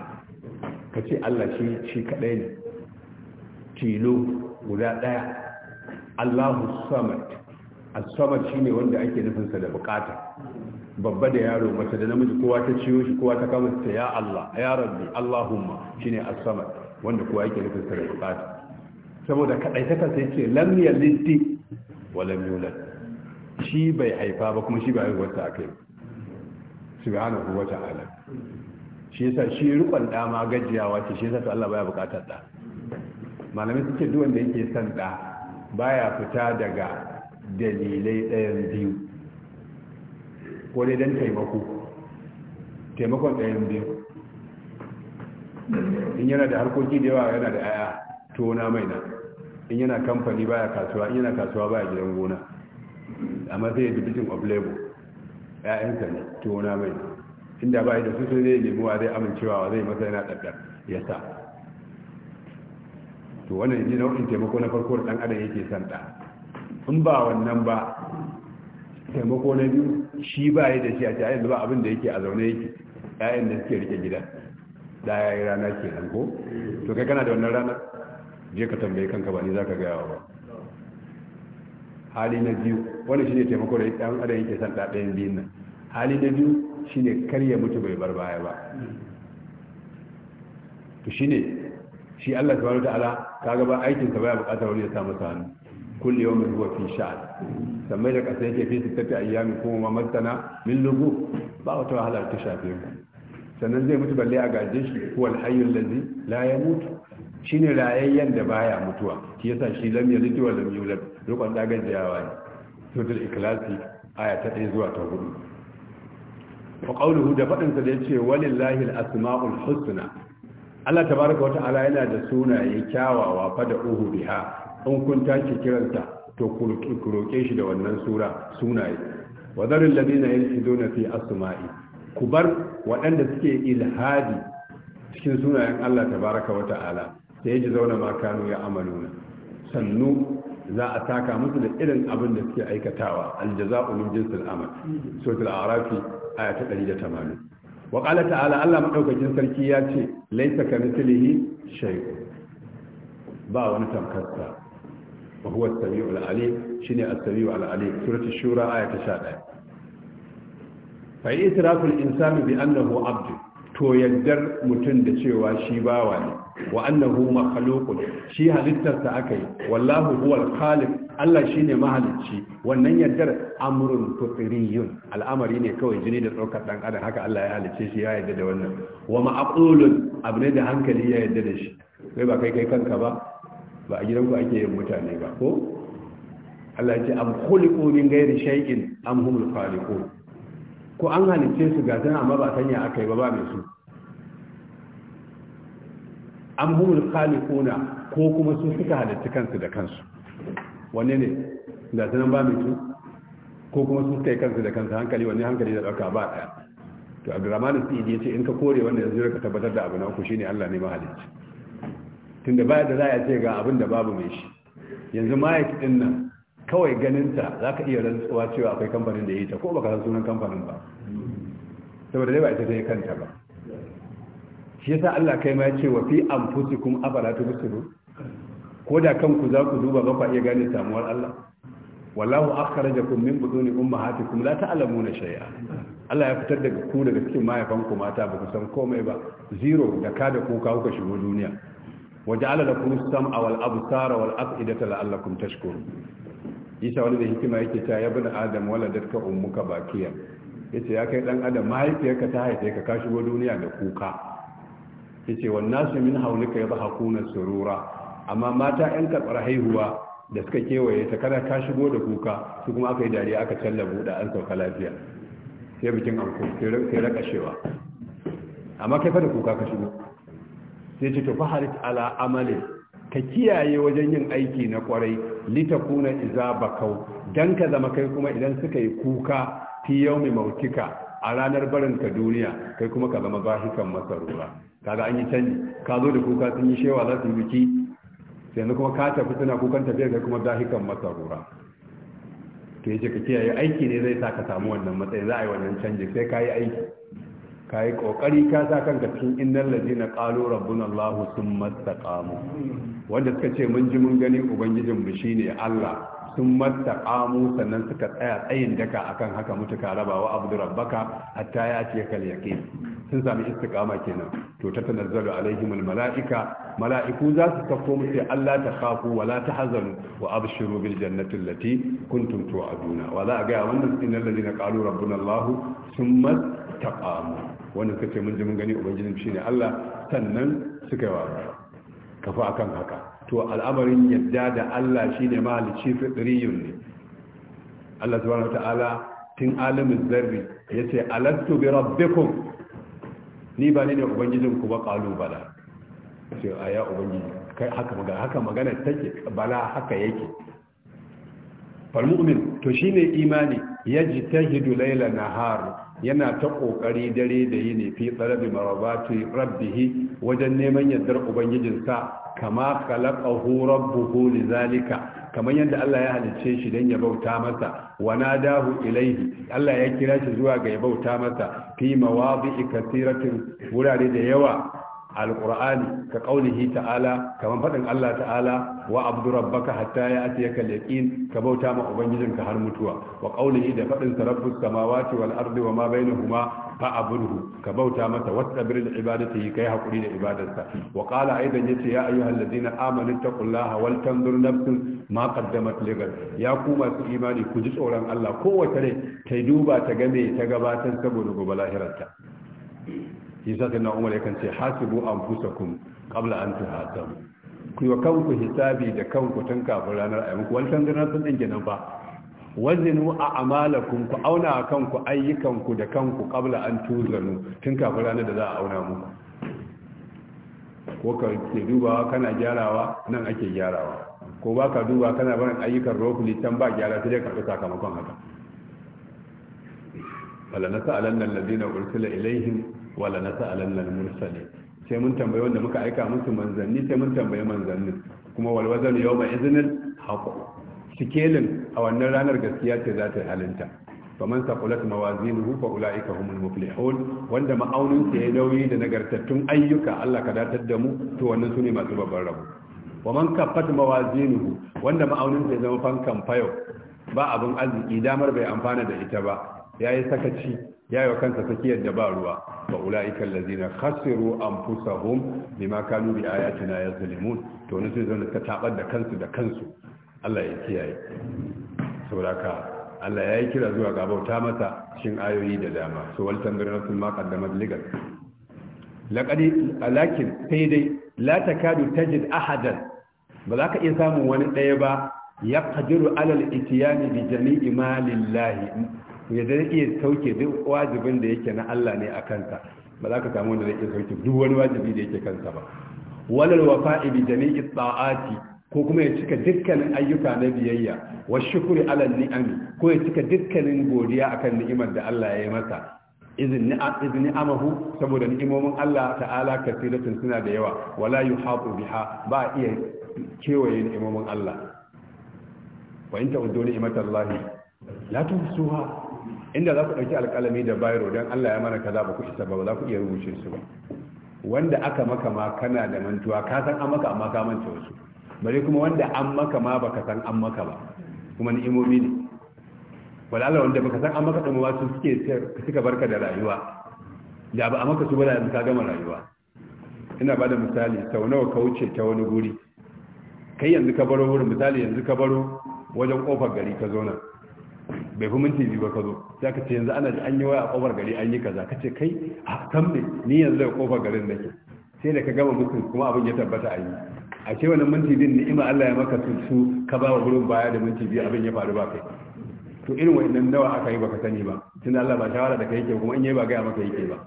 kace Allah shi shi kadai ne tilo guda daya Allahu samad asabar shine wanda ake nufinsa da bukata babba da yaro mace da namiji kowa ta ciyo shi kowa ta kama ta ya Allah ya rabbi Allahumma shine asabar wanda kowa yake nufinsa da bukata saboda kadai ta ce yace lam yalid wa lam yulad shi bai haifa ba kuma shi ba wata akai subhanahu wa ta'ala shi yasa shi rukun da ma gajiyawa ce shi yasa Allah baya bukatar da malamai suke duwanda yake son da baya fita daga dalilai ɗayan biyu ko dai don taimako taimakon ɗayan biyu in yana da harkoki da yawa yana da aya tona mai na in yana kamfani baya kasuwa in yana kasuwa baya gidan gona amma sai ya dubitin of labor ya'yansa ne tona mai inda ba da su sun zai nemi wa zai amincewa wa zai masa yana ɗaɗɗar ya sa to wannan yi nau'in taimako na farko da ɗan adam yake son ɗa in ba wannan ba taimako na biyu shi ba yi da shi a cikin ba abin da yake a zaune yake ƴaƴan da suke rike gida da ya yi rana ke nan ko to kai kana da wannan rana je ka tambaye kanka ba ni za ka gaya wa ba hali na biyu wani shi ne taimako da ɗan adam yake san ɗaɗayan biyun nan hali na biyu shi ne karya mutu bai bar baya ba to shi ne shi allah subhanahu wa ta'ala kaga ba aikinsa baya bukatar wani ya samu saanu. kulli yawmin huwa fi sha'an sammai da ƙasa yake fi sittati ayyami kuma ma masana min lugu ba wata wahala ta shafe ku. sannan zai mutu balle a gaje shi huwa alhayyul ladzi la yamut shine rayayyen da baya mutuwa shi yasa shi lam yalid wa lam yulad rukun da gajiyawa ne suratul ikhlasi aya ta 1 zuwa ta 4 wa qawluhu da fadin sa da yace walillahi alasmaul husna Allah tabaaraka wa ta'ala yana da sunaye kyawawa fa da uhu biha in kun tashi kiranta to ku roƙe shi da wannan sura sunaye wa zarul ladina yalhiduna fi asma'i ku bar waɗanda suke ilhadi cikin sunayen Allah tabaraka wa ta'ala sai yaji zauna ma kanu ya amaluna sannu za a taka musu da irin abin da suke aikatawa aljaza'u min jinsil amal suratul a'rafi aya 180 wa qala ta'ala Allah madaukakin sarki ya ce laisa kamithlihi shay'un ba wani tamkarsa wa huwa as-sami'ul 'alim shine as-sami'ul 'alim ta 11 fa itraful insani bi annahu Abdu? to yaddar da cewa shi bawa ne wa annahu makhluqun shi halittarsa akai wallahu huwal khaliq Allah shine mahalicci wannan yaddar amrun fitriyun al'amari ne kawai jini da tsokar dan adam haka Allah ya halicce shi ya yadda da wannan wa ma'qulun abne da hankali ya yadda da shi kai ba kai kai kanka ba ba a gidanku ake yin mutane ba ko Allah ya ce am khuliqu min ghairi shay'in am humul khaliqun ko an halice su ga tana amma ba sanya akai ba ba mai su am humul khaliquna ko kuma su suka halicci kansu da kansu wanne ne da tana ba mai su ko kuma su kai kansu da kansu hankali wanne hankali da dauka ba daya to abdurrahman sidi yace in ka kore wanda yanzu ka tabbatar da abu na uku shine Allah ne mahalicci tunda baya da za a ce ga abin da babu mai shi yanzu mic din nan kawai ganinta za ka iya rantsuwa cewa akwai kamfanin da ya yi ta ko ka san sunan kamfanin ba saboda dai ba ita ta yi kanta ba shi yasa Allah kai ma ya ce wa fi anfusikum afala tubsirun ko da kanku za ku duba ba ku iya gane samuwar Allah wallahu akhrajakum min buduni ummahatikum la ta'lamuna shay'a Allah ya fitar da ku daga cikin mahaifanku mata ba ku san komai ba zero da ka da kuka kuka shigo duniya waja'ala lakum sama wal absara wal af'idata la'allakum tashkurun isa wani da hikima yake ta ya bani adam waladatka ummuka bakiya yace ya kai dan adam mahaifiyarka ta haife ka ka shigo duniya da kuka yace wan nasu min hawlika yadhakuna surura amma mata yan ka haihuwa da suka kewaye ta kada ka shigo da kuka su kuma aka yi dariya aka challa buda an sauka lafiya sai bikin anko sai raka shewa amma kai fa da kuka ka shigo sai ce to faharit ala amali ka kiyaye wajen yin aiki na kwarai litakuna iza bakau dan ka zama kai kuma idan suka yi kuka fi yaumi mautika a ranar barin ka duniya kai kuma ka zama bahikan masarura kaga an yi canji ka zo da kuka sun yi shewa za su yi biki yanzu kuma ka tafi suna kukan tafiya kai kuma bahikan masarura to yace ka kiyaye aiki ne zai sa ka samu wannan matsayi za a yi wannan canji sai ka yi aiki Kayi yi ƙoƙari ka sa kanka cikin innan lajina ƙalo rabbin allahu sun mastaƙamu wanda suka ce mun ji mun gani ubangijin shi ne allah sun mastaƙamu sannan suka tsaya tsayin daka akan haka mutu ka rabawa abu rabbaka hatta ya ce kal sun sami istiƙama kenan to ta tanazzalu alaihimul mala'ika mala'iku za su sako mu sai allah ta khafu wala ta hazanu wa abshiru bil jannati allati kuntum tu'aduna a ga wannan innal ladina qalu rabbuna allah summa taqamu wanda suka ce mun ji mun gani ubangijin shi ne Allah sannan suka yi wa kafa akan haka to al'amarin yadda da Allah shi ne mahalicci fitriyun ne Allah subhanahu ta'ala tun alamin zarri ya ce alastu bi rabbikum ni ba ne ubangijin ku ba qalu bala sai aya ubangiji kai haka magana haka magana take bala haka yake fal mu'min to shine imani yajtahidu laylan nahar yana ta ƙoƙari dare da yini fi tsarabi marabati rabbihi wajen neman yardar ubangijinsa kama khalaqahu rabbuhu zalika. kamar yadda Allah ya halicce shi dan ya bauta masa wa nadahu ilaihi? Allah ya kira shi zuwa ga ya bauta masa fi mawadi'i katiratin wurare da yawa alqur'ani ka qaulihi ta'ala kaman fadin Allah ta'ala wa abdu rabbaka hatta ya'tiyaka al-yaqin ka bauta ma ubangijinka har mutuwa wa qaulihi da fadin rabbus samawati wal ardi wa ma bainahuma fa'budhu ka bauta masa wastabir lil ibadati kai hakuri da ibadarsa wa qala aidan yace ya ayyuhal ladina amanu taqullaha wal tanzur nafsun ma qaddamat ligad ya ku masu imani ku ji tsoron Allah kowace rai ta duba ta game ta gabatar saboda gobe lahirarta yasa sai na umar yakan ce hasibu anfusakum qabla an tuhasabu ku yi wa kanku hisabi da kanku tun kafin ranar ayyukan ku wancan ranar sun dinke nan ba wazinu a amalakum ku auna kanku ayyukanku da kanku qabla an tuzanu tun kafin ranar da za a auna muku ko ka ke dubawa kana gyarawa nan ake gyarawa ko ba ka duba kana barin ayyukan rokuli can ba gyara sai dai karɓi sakamakon haka wala na zina ursila ilaihin wala na nas'alanna al-mursalin sai mun tambayi wanda muka aika musu manzanni sai mun tambayi manzannin kuma walwazan yawma iznil haqq sikelin a wannan ranar gaskiya ce za ta halinta faman saqulat mawazinuhu fa ulaika humul muflihun wanda ma'aunin sa yayi nauyi da nagartattun ayyuka Allah ka datar da mu to wannan sune masu babban rabo waman kaffat mawazinuhu wanda ma'aunin sa ya zama fankan fayo ba abin arziki damar bai amfana da ita ba ya yi sakaci ya yi wa kansa tsakiyar da ba ruwa ba ula'ikan lazina khasiru an fusa hum bi ma kanu bi ayatina ya zalimun to wani sun zaune ta tabar da kansu da kansu Allah ya kiyaye saboda ka Allah ya yi kira zuwa ga bauta masa shin ayoyi da dama so wal tambayar nasu ma qaddamat ligal laqadi alakin sai dai la takadu tajid ahadan ba za ka iya samun wani ɗaya ba ya qadiru alal itiyani bi jami'i malillahi ya zai iya sauke duk wajibin da yake na Allah ne a kanta ba za ka samu wanda zai iya sauke duk wani wajibi da yake kansa ba walal wafa'i bi jami'i ta'ati ko kuma ya cika dukkanin ayyuka na biyayya wa shukri ala ni'ami ko ya cika dukkanin godiya akan ni'imar da Allah ya yi masa izini amahu saboda ni'imomin Allah ta'ala kasiratun suna da yawa wala yuhaqu biha ba iya kewaye ni'imomin Allah wa in ta'uddu ni'matallahi la tusuha inda za ku ɗauki alƙalami da bayro don allah ya mana kaza ba ku isa ba za ku iya rubuce su ba wanda aka maka ma kana da mantuwa ka san an maka amma ka manta wasu bare kuma wanda an maka ma baka san an maka ba kuma ni'imomi ne walala wanda baka san an maka ɗin wasu suke suka barka da rayuwa da ba a maka su ba da yanzu ka gama rayuwa ina ba da misali sau nawa ka wuce ta wani guri kai yanzu ka baro wurin misali yanzu ka baro wajen kofar gari ka zo nan bai fi minti biyu ba ka zo za ka ce yanzu ana an yi waya a kofar gari an yi kaza ka ce kai a kan ne ni yanzu daga kofar garin nake sai da ka gama mutum kuma abin ya tabbata a yi a ce wannan minti ni ima Allah ya maka su ka ba wa gurin baya da minti biyu abin ya faru ba kai to irin wa'annan nawa aka yi baka sani ba tun Allah ba shawara da kai yake kuma in yi ba gaya maka yake ba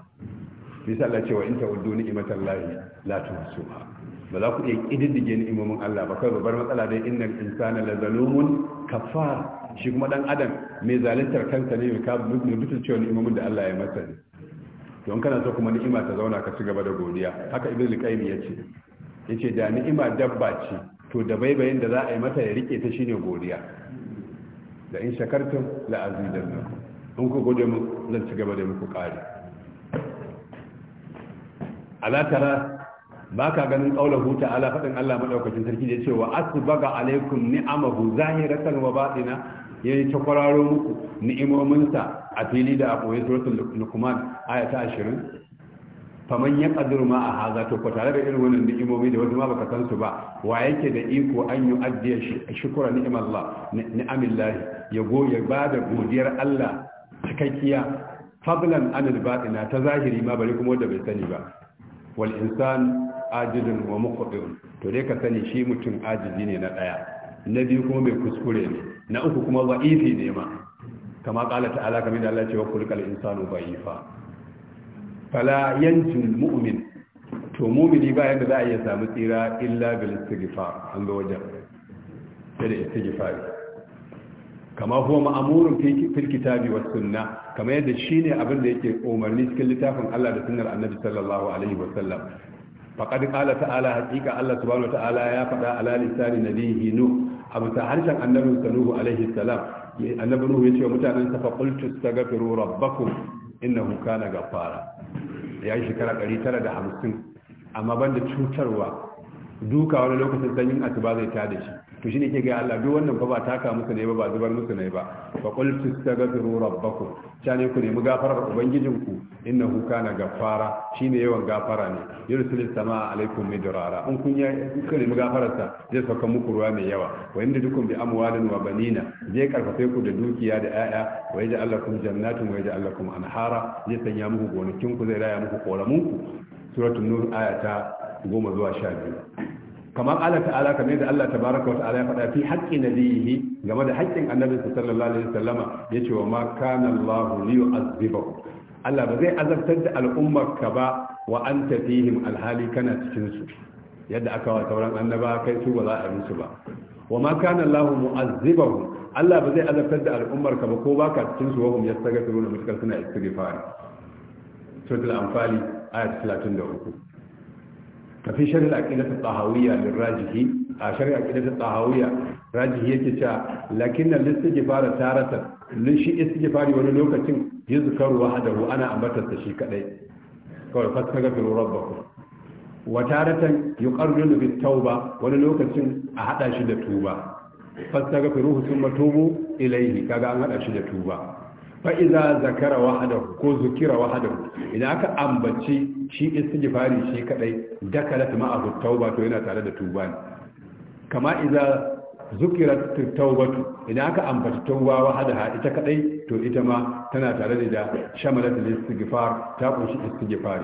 bisa Allah cewa in ta'uddu ni'matallahi la tuhsuha ba za ku iya ƙididdige ni'imomin Allah ba kawai babbar matsala dai innal insana la zalumun kafar shi kuma dan adam mai zaluntar kansa ne mai kabu cewa ni ni'imomin da Allah ya masa ne don kana so kuma ni'ima ta zauna ka ci gaba da godiya haka ibnu qayyim yace yace da ni'ima dabba ce to da baibayin da za a yi mata ya rike ta shine godiya da in shakartum la azidannakum in ku gode mu zan ci gaba da muku kare ala tara ba ka ganin ƙaunar ta'ala faɗin Allah maɗaukacin sarki da cewa asbaga alaikum ni'amahu zahiratan wa batina yayi ta kwararo muku ni'imominsa a fili da a koyi suratul lukman aya ta 20 faman ya qadiru ma a haza to ko tare da irin wannan ni'imomi da wasu ma baka san su ba wa yake da iko an yi addiya shukura ni'imallah ni'amillah ya goye ba da godiyar Allah cikakkiya fadlan anil batina ta zahiri ma bari kuma wanda bai sani ba wal insan ajizun wa muqdirun to dai ka sani shi mutum ajizi ne na daya na biyu kuma mai kuskure ne na uku kuma za'ifi ne ma kama kala ta'ala kamar da Allah ya ce wa kulkal insanu ba'ifa fala yanjul mu'min to mumini ba yanda za a iya samu tsira illa bil istighfar an ga wajen sai da istighfar kama huwa ma'amurun fil kitabi was sunna kama yadda shine abin da yake umarni cikin littafin Allah da sunnar Annabi sallallahu alaihi wa sallam faqad qala ta'ala haqiqa Allah subhanahu ta'ala ya faɗa ala lisani nabihi nu abu ta harshen annabi nuhu alaihi salam annabi nuhu yace mutanen sa fa qultu astaghfiru rabbakum innahu kana ghaffara ya yi shekara 950 amma banda cutarwa duka wani lokacin sanyin asuba zai tada shi to shine ke ga Allah duk wannan fa ba taka musu ne ba ba zubar musu ne ba fa qul tastaghfiru rabbakum cani ku nemi gafarar ubangijinku innahu kana gaffara shine yawan gafara ne yursilis samaa alaikum midrara in kun ya kun nemi gafararsa zai saka muku ruwa mai yawa wa inda dukum bi amwalin wa banina zai karfafe ku da dukiya da 'ya'ya wa yaj'al lakum jannatin wa yaj'al lakum anhara zai sanya muku gonakin ku zai raya muku koramun ku suratul nur ayata goma zuwa biyu. kamar Allah ta'ala kamar da Allah tabaraka wa ta'ala ya faɗa fi haƙƙi nabiyihi game da haƙƙin annabi sallallahu alaihi wasallama yace wa ma kana Allah li yu'azzibahu Allah ba zai azabtar da al'ummar ka ba wa anta fihim alhali kana cikin su yadda aka wa sauran annaba kai su ba za a yi su ba wa ma kana Allah mu'azzibahum Allah ba zai azabtar da al'ummar ka ba ko ba baka cikin su wa hum yastaghfiruna mutakal suna istighfar suratul anfali ayat 33 ففي شرح العقيدة الطهوية للراجحي شرح العقيدة الطهوية راجحي يكتا لكن الاستجفار تارة لشي استجفار وللوكة يذكر وحده أنا أمتت شيء كذي قال فاستغفروا ربكم وتارة يقرن بالتوبة وللوكة أحد أشد التوبة فاستغفروه ثم توبوا إليه كذا أحد أشد التوبة fa'iza zakara wahadahu ko zukira wahadahu idan aka ambaci shi istighfari shi kadai dakalat ma'ahu tauba to yana tare da tuba ne kama iza zukira taubatu idan aka ambaci tauba wahadaha ita kadai to ita ma tana tare da shamalat istighfar ta kunshi istighfari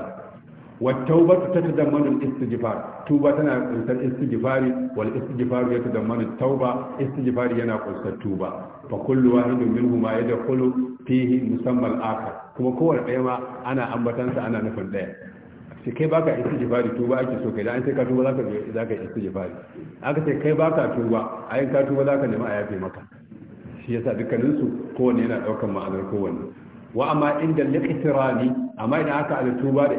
wa taubatu tatadammanu istighfar tuba tana kunsar istighfari wal istighfaru yatadammanu tauba istighfari yana kunsar tuba fa kullu wahidin minhuma yadkhulu fihi musamman akar kuma kowar ɗaya ma ana ambatansa ana nufin ɗaya sai kai baka jifari tuba ake so kai da an sai ka tuba zaka zaka jifari aka sai kai baka tuba ayin ka tuba zaka nemi a yafe maka shi yasa dukkanin su kowanne yana daukan ma'anar kowanne wa amma inda liqtirani amma idan aka ala tuba da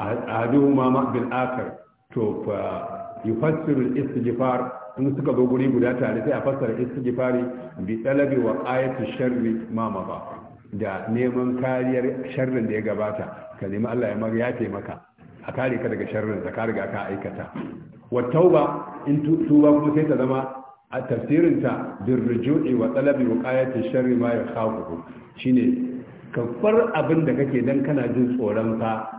a ahaduhuma ma bil akar to fa yufassiru al istijfar in suka zo guri guda tare sai a fassara istighfari bi talabi wa ayati sharri ma ba da neman kariyar sharrin da ya gabata ka nemi Allah ya maka ya taimaka a kare ka daga sharrin da ka riga ka aikata wa tauba in tuba kuma sai ta zama a tafsirin ta birruju'i wa talabi wa ayati sharri ma yakhafu shine kafar abin da kake dan kana jin tsoron ka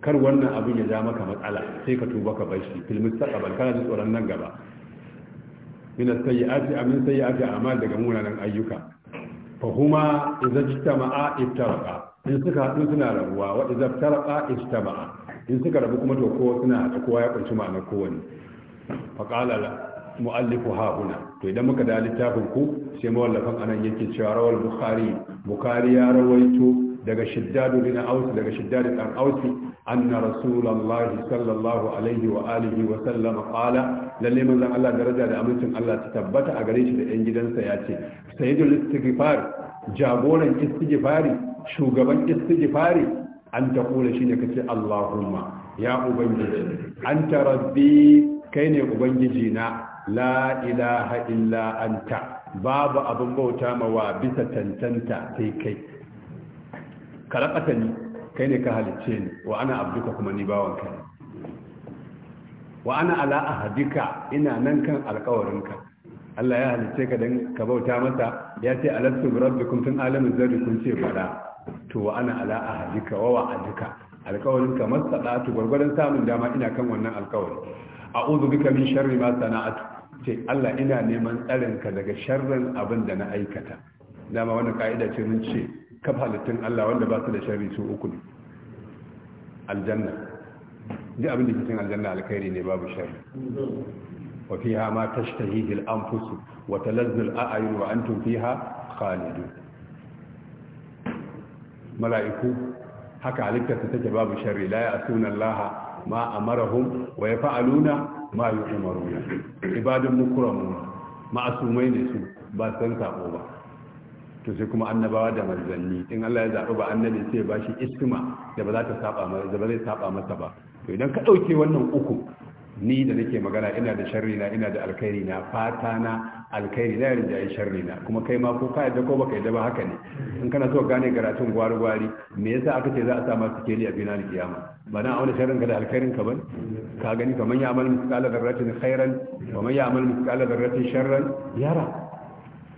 kar wannan abin ya ja maka matsala sai ka tuba ka bar shi fil mustaqbal kana jin tsoron nan gaba min السيئات من سيئات sayyi'ati a'mal daga munanan ayyuka fa huma افترقا ijtama'a سكا haɗu suna rabuwa wa idza iftaraqa ijtama'a kuma to kowa suna haɗa kowa ya kunshi ma'anar kowanne fa qala mu'allifu ha huna to idan muka da littafin ku sai mawallafin anan yake cewa rawal bukhari bukhari ya rawaito daga shiddadu bin ausi daga shiddadu dan ausi anna rasulullahi sallallahu alaihi wa alihi wa sallam qala lalle manzon Allah daraja da amincin Allah ta tabbata a gare shi da yan gidansa ya ce sayyidul istighfar jagoran istighfari shugaban istighfari an ta kula shine kace Allahumma ya ubangiji anta rabbi kai ne ubangiji na la ilaha illa anta babu abin bauta mawa bisa tantanta sai kai kalakata ni kai ne ka halicce ni wa ana abduka kuma ni bawanka ka wa ana ala ahadika ina nan kan alƙawarinka Allah ya halicce ka dan ka bauta masa ya ce alastu rabbikum tun alamin zarri kun ce fara to wa ana ala ahadika wa wa'adika alƙawarinka masadatu gwargwadon samun dama ina kan wannan alƙawari a'udhu bika min sharri ma sana'atu ce Allah ina neman tsarin ka daga sharrin abin da na aikata dama wani ka'ida ce mun ce kaf halittun Allah wanda ba su da shari su uku ne aljanna ji abin da ke cin aljanna alkhairi ne babu shari. wa fiha ma tashtahihi al-anfus wa talazzu al-a'yun wa antum fiha khalidun mala'iku haka halittar ta take babu sharri la sunan Allah ma amarahum wa yaf'aluna ma yu'maruna ibadun mukramun ma'asumai ne su ba san sako ba to sai kuma annabawa da manzanni in Allah ya zaɓi ba annabi sai ba shi da ba za ta saba masa da ba zai saba masa ba to idan ka ɗauke wannan uku ni da nake magana ina da sharri na ina da alkhairi na fata na alkhairi na yarda sharri na kuma kai ma ko ka yadda ko baka yadda ba haka ne in kana so gane garatun gwari gwari me yasa aka ce za a sa masa keli a binan kiyama ba na auna sharrin ka da alkhairin ka ban ka gani kamar ya amal misqala dharratin khairan wa man ya amal misqala dharratin sharran yara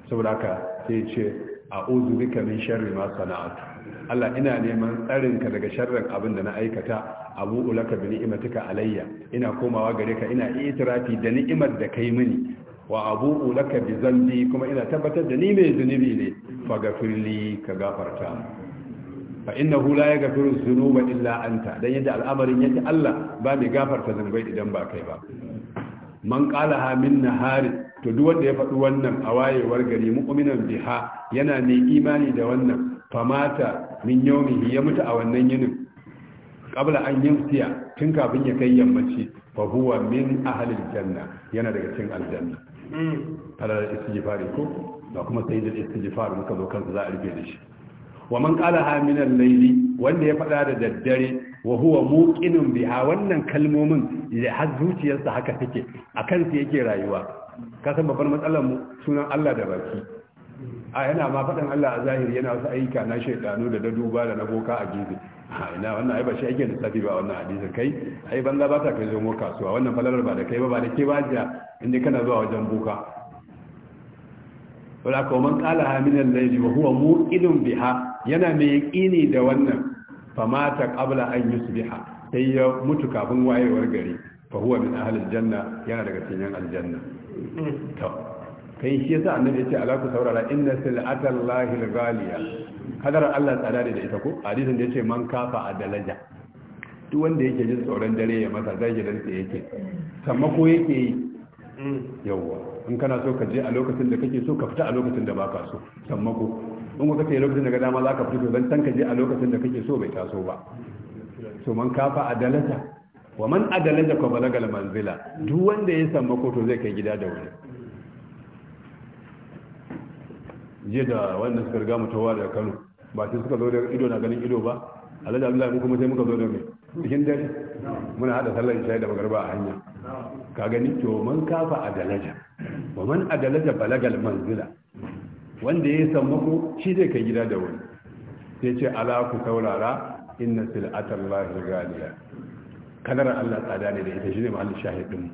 saboda haka sai ce A bika min sharri ma sana'atu Allah ina neman tsarinka daga sharrin abin da na aikata abu ulaka bi ni'matika alayya ina komawa gare ka ina itirafi da ni'imar da kai mini wa abu ulaka bi zambi kuma ina tabbatar da ni mai zunubi ne faghfirli ka gafarta fa innahu la yaghfiru dhunuba illa anta dan yadda al'amarin yake Allah ba mai gafarta zunubai idan ba kai ba man qala ha min nahari to duk wanda ya faɗi wannan a wayewar gari mu'minan biha yana mai imani da wannan famata min yawmihi ya mutu a wannan yinin qabla an yamsiya tun kafin ya kai yammaci fa huwa min ahli aljanna yana daga cikin aljanna hmm. alal istighfari ko da kuma sai da istighfar muka zo kansa za a rufe da shi wa man qala ha min al-layli wanda ya faɗa da daddare wa huwa muqinun biha wannan kalmomin ya har zuciyarsa haka take akan su yake rayuwa ka san babbar matsalar mu sunan Allah da baki a yana ma faɗin Allah a zahiri yana wasu ayyuka na shaidanu da daduba da na boka a gefe a ina wannan ai ba shi ake lissafi ba wannan hadisin kai ai banza ba ta kai zo kasuwa wannan falalar ba da kai ba ba da ke ba ja inda kana zuwa wajen boka wala ko man qala ha min al-layli wa huwa muqinun biha yana mai yaqini da wannan famata qabla an yusbiha sai ya mutu kafin wayewar gari fa huwa min ahli aljanna yana daga cikin yan aljanna to kai shi yasa annabi yace ala saurara inna silata allahi alghaliya kadar Allah tsada da ita ko hadisin da yace man kafa adalaja duk wanda yake jin tsoron dare ya masa zai gidan sa yake sammako yake yi mm. yawwa in kana so ka je a lokacin da kake so ka fita a lokacin da baka so sammako in kuka kai lokacin da ga dama za ka fito don tanka je a lokacin da kake so bai taso ba to man kafa adalata wa man adalata ka balagal manzila duk wanda ya san makoto zai kai gida da wuri je da wannan suka riga mu tawa da Kano ba sai suka zo da ido na ganin ido ba Allah Allah mu kuma sai muka zo da mai cikin dare muna hada sallar isha da magarba a hanya ka gani to man kafa adalata wa man adalata balagal manzila wanda ya sammako shi zai kai gida da wani sai ce ala ku saurara inna lahir ghaliya kalar Allah tsada ne da ita shi shine mahallin shahidin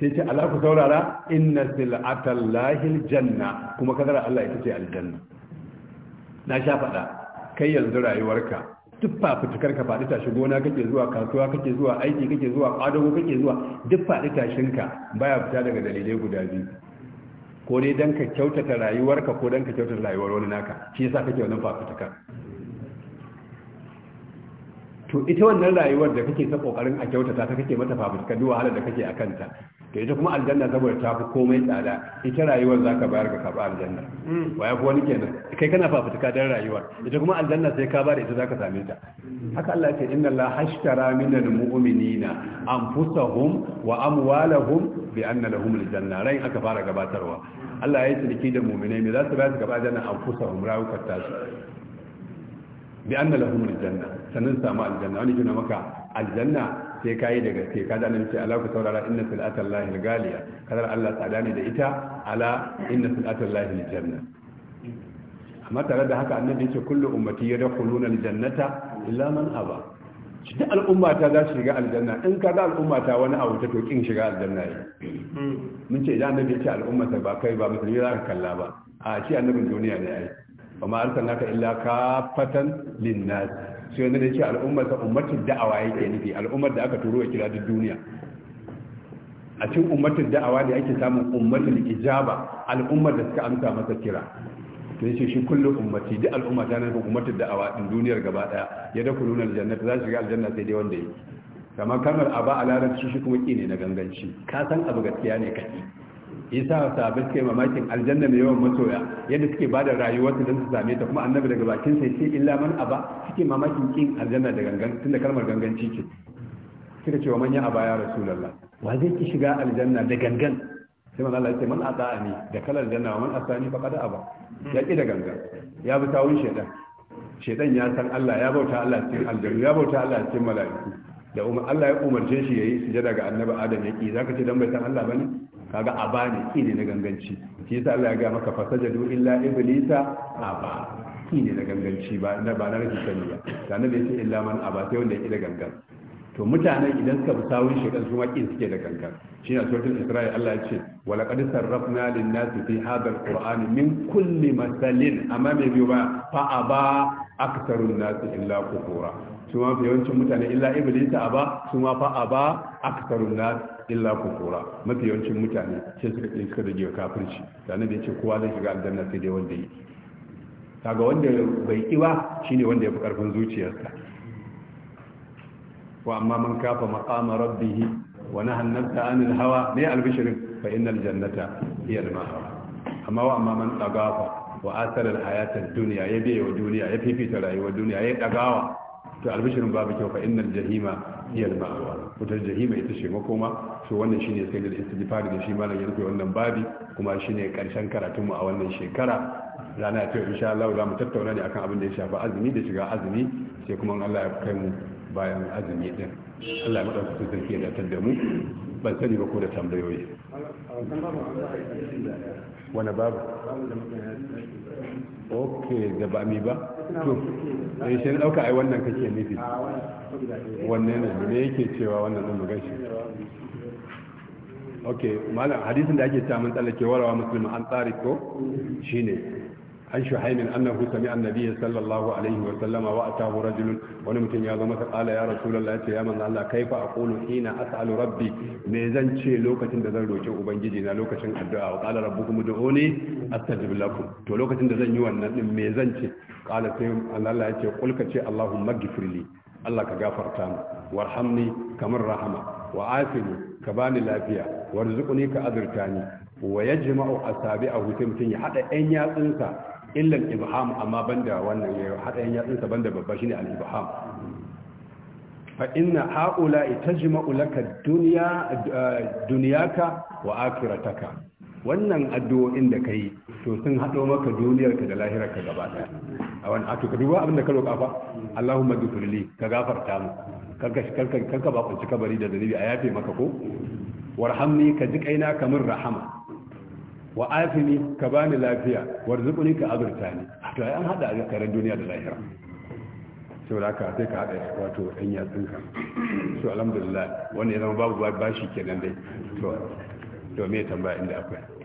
sai ce ala ku saurara inna lahir janna kuma kalar Allah ita ce aljanna na sha faɗa kai yanzu rayuwarka duk fafutukar ka faɗi tashi gona kake zuwa kasuwa kake zuwa aiki kake zuwa ƙwadago kake zuwa duk faɗi tashinka baya fita daga dalilai guda biyu ko dai dan ka kyautata rayuwarka ko dan ka kyautata rayuwar wani naka shi yasa kake wannan fafutuka to ita wannan rayuwar da kake ta kokarin a kyautata ta kake mata fafutuka duk wahalar da kake akan ta to ita kuma aljanna saboda ta fi komai tsada ita rayuwar zaka bayar ka kaba aljanna hmm. waya ko wani kenan kai kana fafutuka dan rayuwar ita kuma aljanna sai ka ba da ita zaka same ta haka Allah ce inna Allah hashtara minal mu'minina anfusahum wa amwalahum bi anna lahum aljanna rai aka fara gabatarwa Allah ya yi ciniki da mu'minai me za su ba su gaba janna an kusa hum rawukat tasu bi anna lahum aljanna sanin samu aljanna wani kina maka aljanna sai kai da gaske ka dana ce ala saurara inna silata llahi galiya. kadar Allah tsada ne da ita ala inna silata llahi aljanna amma tare da haka annabi ya ce kullu ummati yadkhuluna aljannata illa man aba duk al'umma ta za su shiga aljanna in ka ga al'umma ta wani abu ta tokin shiga aljanna yi mun ce idan annabi ya ce al'umma ta ba kai ba musulmi za ka kalla ba a shi annabin duniya ne ai ba ma arsalnaka illa kafatan linnas sai wanda ya ce al'ummar ta ummatin da'awa yake nufi al'ummar da aka turo ya kira duk duniya a cikin ummatin da'awa ne ake samun ummatin ijaba al'ummar da suka amsa masa kira to yace shi kullu ummati duk al'umma ta nan ummatul da'awa din duniyar gaba daya ya da kuluna aljannata za su shiga aljanna sai dai wanda yi Kamar kamar aba a larabci shi kuma ki ne na ganganci ka san abu gaskiya ne kai. isa sabbin kai mamakin aljanna mai yawan masoya yadda suke ba da su don su same ta kuma annabi daga bakin sai sai illa man aba suke mamakin kin aljanna da gangan tunda kalmar ganganci ce suka cewa manya aba ya rasulullah wa zai ki shiga aljanna da gangan sai manzo Allah ya ce man ata'ani da kalar janna man asani faqad aba ya ki da ganga ya bi tawun shedan shedan ya san Allah ya bauta Allah cikin aljanna ya bauta Allah cikin mala'iku da umar Allah ya umarce shi yayi sujada ga annabi Adam ya ki zaka ce dan bai san Allah bane kaga aba ne ki ne na ganganci shi yasa Allah ya ga maka fasajadu illa iblisa aba ki ne na ganganci ba na ba na rashin sani ba da annabi ya ce illa man aba sai wanda ya ki da gangan to mutanen idan suka bi sawun shekan su makin suke da kankan shi ne a sautin isra'il allah ya ce wala kadi sarrafna lin nasi fi hadal qur'ani min kulli masalin amma mai biyu ba fa aba aktarun nasi illa kufura su ma fi yawancin mutane illa iblisa aba su ma fa aba aktarun nasi illa kufura mafi yawancin mutane sai suka ce suka rage kafirci da da ya ce kowa zai shiga aljanna sai dai wanda yi kaga wanda bai ƙi ba shine wanda ya fi karfin zuciyarsa wa amma man kafa maqama rabbih wa nahan nafsa anil hawa ne albishirin fa innal jannata hiya al-mahawa amma wa amma man tagafa wa asara al-hayata ad-dunya ya biya wa duniya ya fifita rayuwar duniya ya dagawa to albishirin babu kyau fa innal jahima hiya al-mahawa wutar jahima ita ce makoma to wannan shine sai da istighfar da shi malam ya rufe wannan babi kuma shine karshen karatunmu a wannan shekara rana ta insha Allah za mu tattauna ne akan abin da ya shafi azumi da shiga azumi sai kuma Allah ya kai mu bayan azumi din Allah ya madaukakin sarki ya datar da mu ban sani ba ko da tambayoyi wani babu ok da ba mi ba to eh shi dauka ai wannan kake nufi wannan ne me yake cewa wannan din magan shi ok malam hadisin da ake cewa mun tsallake warawa musulmi an tsari ko shine an shuhaimin annahu sami annabi sallallahu alaihi wa sallama wa atahu wani mutum ya zo masa qala ya rasulullahi ce ya manzo Allah kaifa aqulu hina as'alu rabbi me zan ce lokacin da zan roki ubangiji na lokacin addu'a wa qala rabbukum ud'uni astajib lakum to lokacin da zan yi wannan din me zan ce qala sai Allah ya ce kulka ce Allahumma ghfirli Allah ka gafarta mu warhamni kamar rahama wa afini ka bani lafiya warzuqni ka azurtani wa yajma'u asabi'ahu sai mutum ya hada yan yatsunsa illan ibham amma banda wannan ya hadayen yatsunsa banda babba shine al-ibham fa inna haula tajma'u laka dunya dunyaka wa akhirataka wannan addu'o'in da kai to sun hado maka duniyarka da lahirarka gaba daya a wannan aka duba abinda ka roƙa fa Allahumma ghfirli ka gafarta mu karka karka karka ba kunci kabari da zanibi a yafe maka ko warhamni ka ji kaina kamar rahama wa afini ka bani lafiya warzuqni ka azurta ni to ai an hada ga karan duniya da lahira saboda haka sai ka hada wato ɗan ka to alhamdulillah wannan ya zama babu bashi kenan dai to to me tambaya inda akwai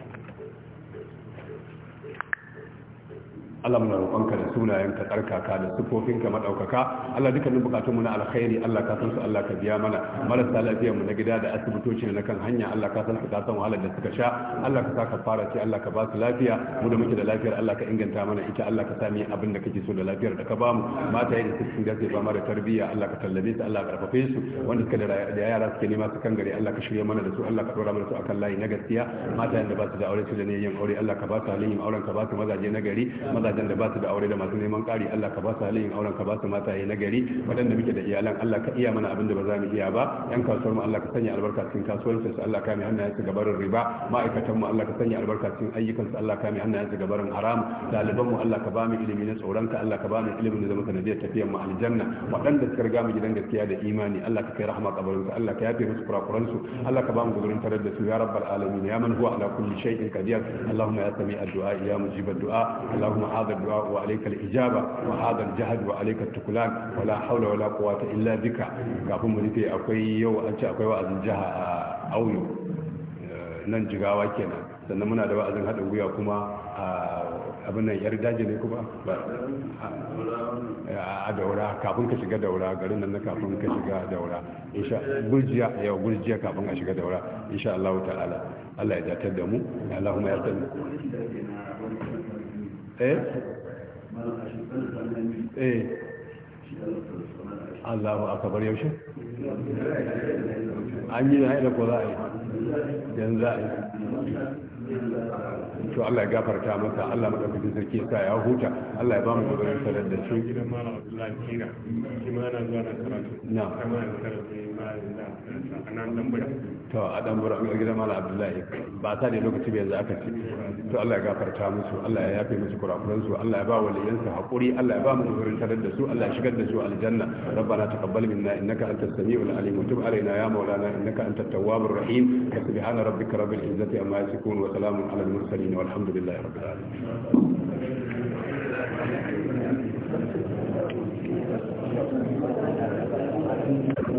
Allah muna roƙonka da sunayenka tsarkaka da sifofinka maɗaukaka, Allah dukkanin bukatunmu na alkhairi Allah ka san su Allah ka biya mana marasa mu na gida da asibitoci na kan hanya Allah ka san su ka san wahalar da suka sha Allah ka sa ka fara ce Allah ka ba su lafiya mu da muke da lafiyar Allah ka inganta mana ita Allah ka sami abin da kake so da lafiyar da ka bamu mata da suke da ke ba mara tarbiyya Allah ka tallabe su Allah ka karfafe su wanda suka da yara suke nema su kan gari Allah ka shirya mana da su Allah ka dora mana su akan layi na gaskiya mata da ba su da aure su da ne yin aure Allah ka ba su halin yin auren ka ba su mazaje na gari mazaje mazajen da ba su da aure da masu neman ƙari Allah ka ba su halin auren ka ba su mataye na gari waɗanda muke da iyalan Allah ka iya mana abin da ba za mu iya ba yan kasuwar mu Allah ka sanya albarka cikin kasuwancin su Allah ka mai hannayen su gabarin riba ma'aikatan mu Allah ka sanya albarka cikin ayyukan su Allah ka mai hannayen su gabarin haram ɗaliban mu Allah ka ba mu ilimi na tsoron ka Allah ka ba mu ilimin da zama sanadiyar tafiyar mu aljanna waɗanda suka riga mu gidan gaskiya da imani Allah ka kai rahama kabarin su Allah ka yafe musu kurakuran su Allah ka ba mu gudurin tarar da su ya rabbal alamin ya man huwa ala kulli shay'in qadir Allahumma ya sami addu'a ya mujib addu'a Allahumma هذا الدعاء وعليك الإجابة وهذا الجهد وعليك التكلان ولا حول ولا قوة إلا بك kafin mu rufe akwai yau an ce akwai wa'azin jiha a auyo nan jigawa kenan sannan muna da wa'azin haɗin gwiwa kuma abin nan yar daji ne kuma a daura kafin ka shiga daura garin nan kafin ka shiga daura insha gurjiya yau gurjiya kafin a shiga daura insha Allah ta'ala Allah ya datar da mu Allahumma ya tsare eh eh a kabar yaushe an yi haila ko za a yi yanzu za a yi to Allah ya gafarta masa Allah madaukakin sarki sa ya huta Allah ya ba mu gabarin sanar da shi gidan malam Abdullahi Kira shi ma na zuwa na karatu na kama da karatu ma da anan lambara to a dan bura a gidan mala abdullahi ba ta ne lokaci bai yanzu aka ci to Allah ya gafarta musu Allah ya yafe musu kurakuran su Allah ya ba waliyansu hakuri Allah ya ba mu zurin tarar da su Allah ya shigar da su aljanna rabbana taqabbal minna innaka antas samiul alim tub alaina ya maulana innaka antat tawwabur rahim subhana rabbika rabbil izzati amma yasifun wa salamun alal mursalin walhamdulillahi rabbil alamin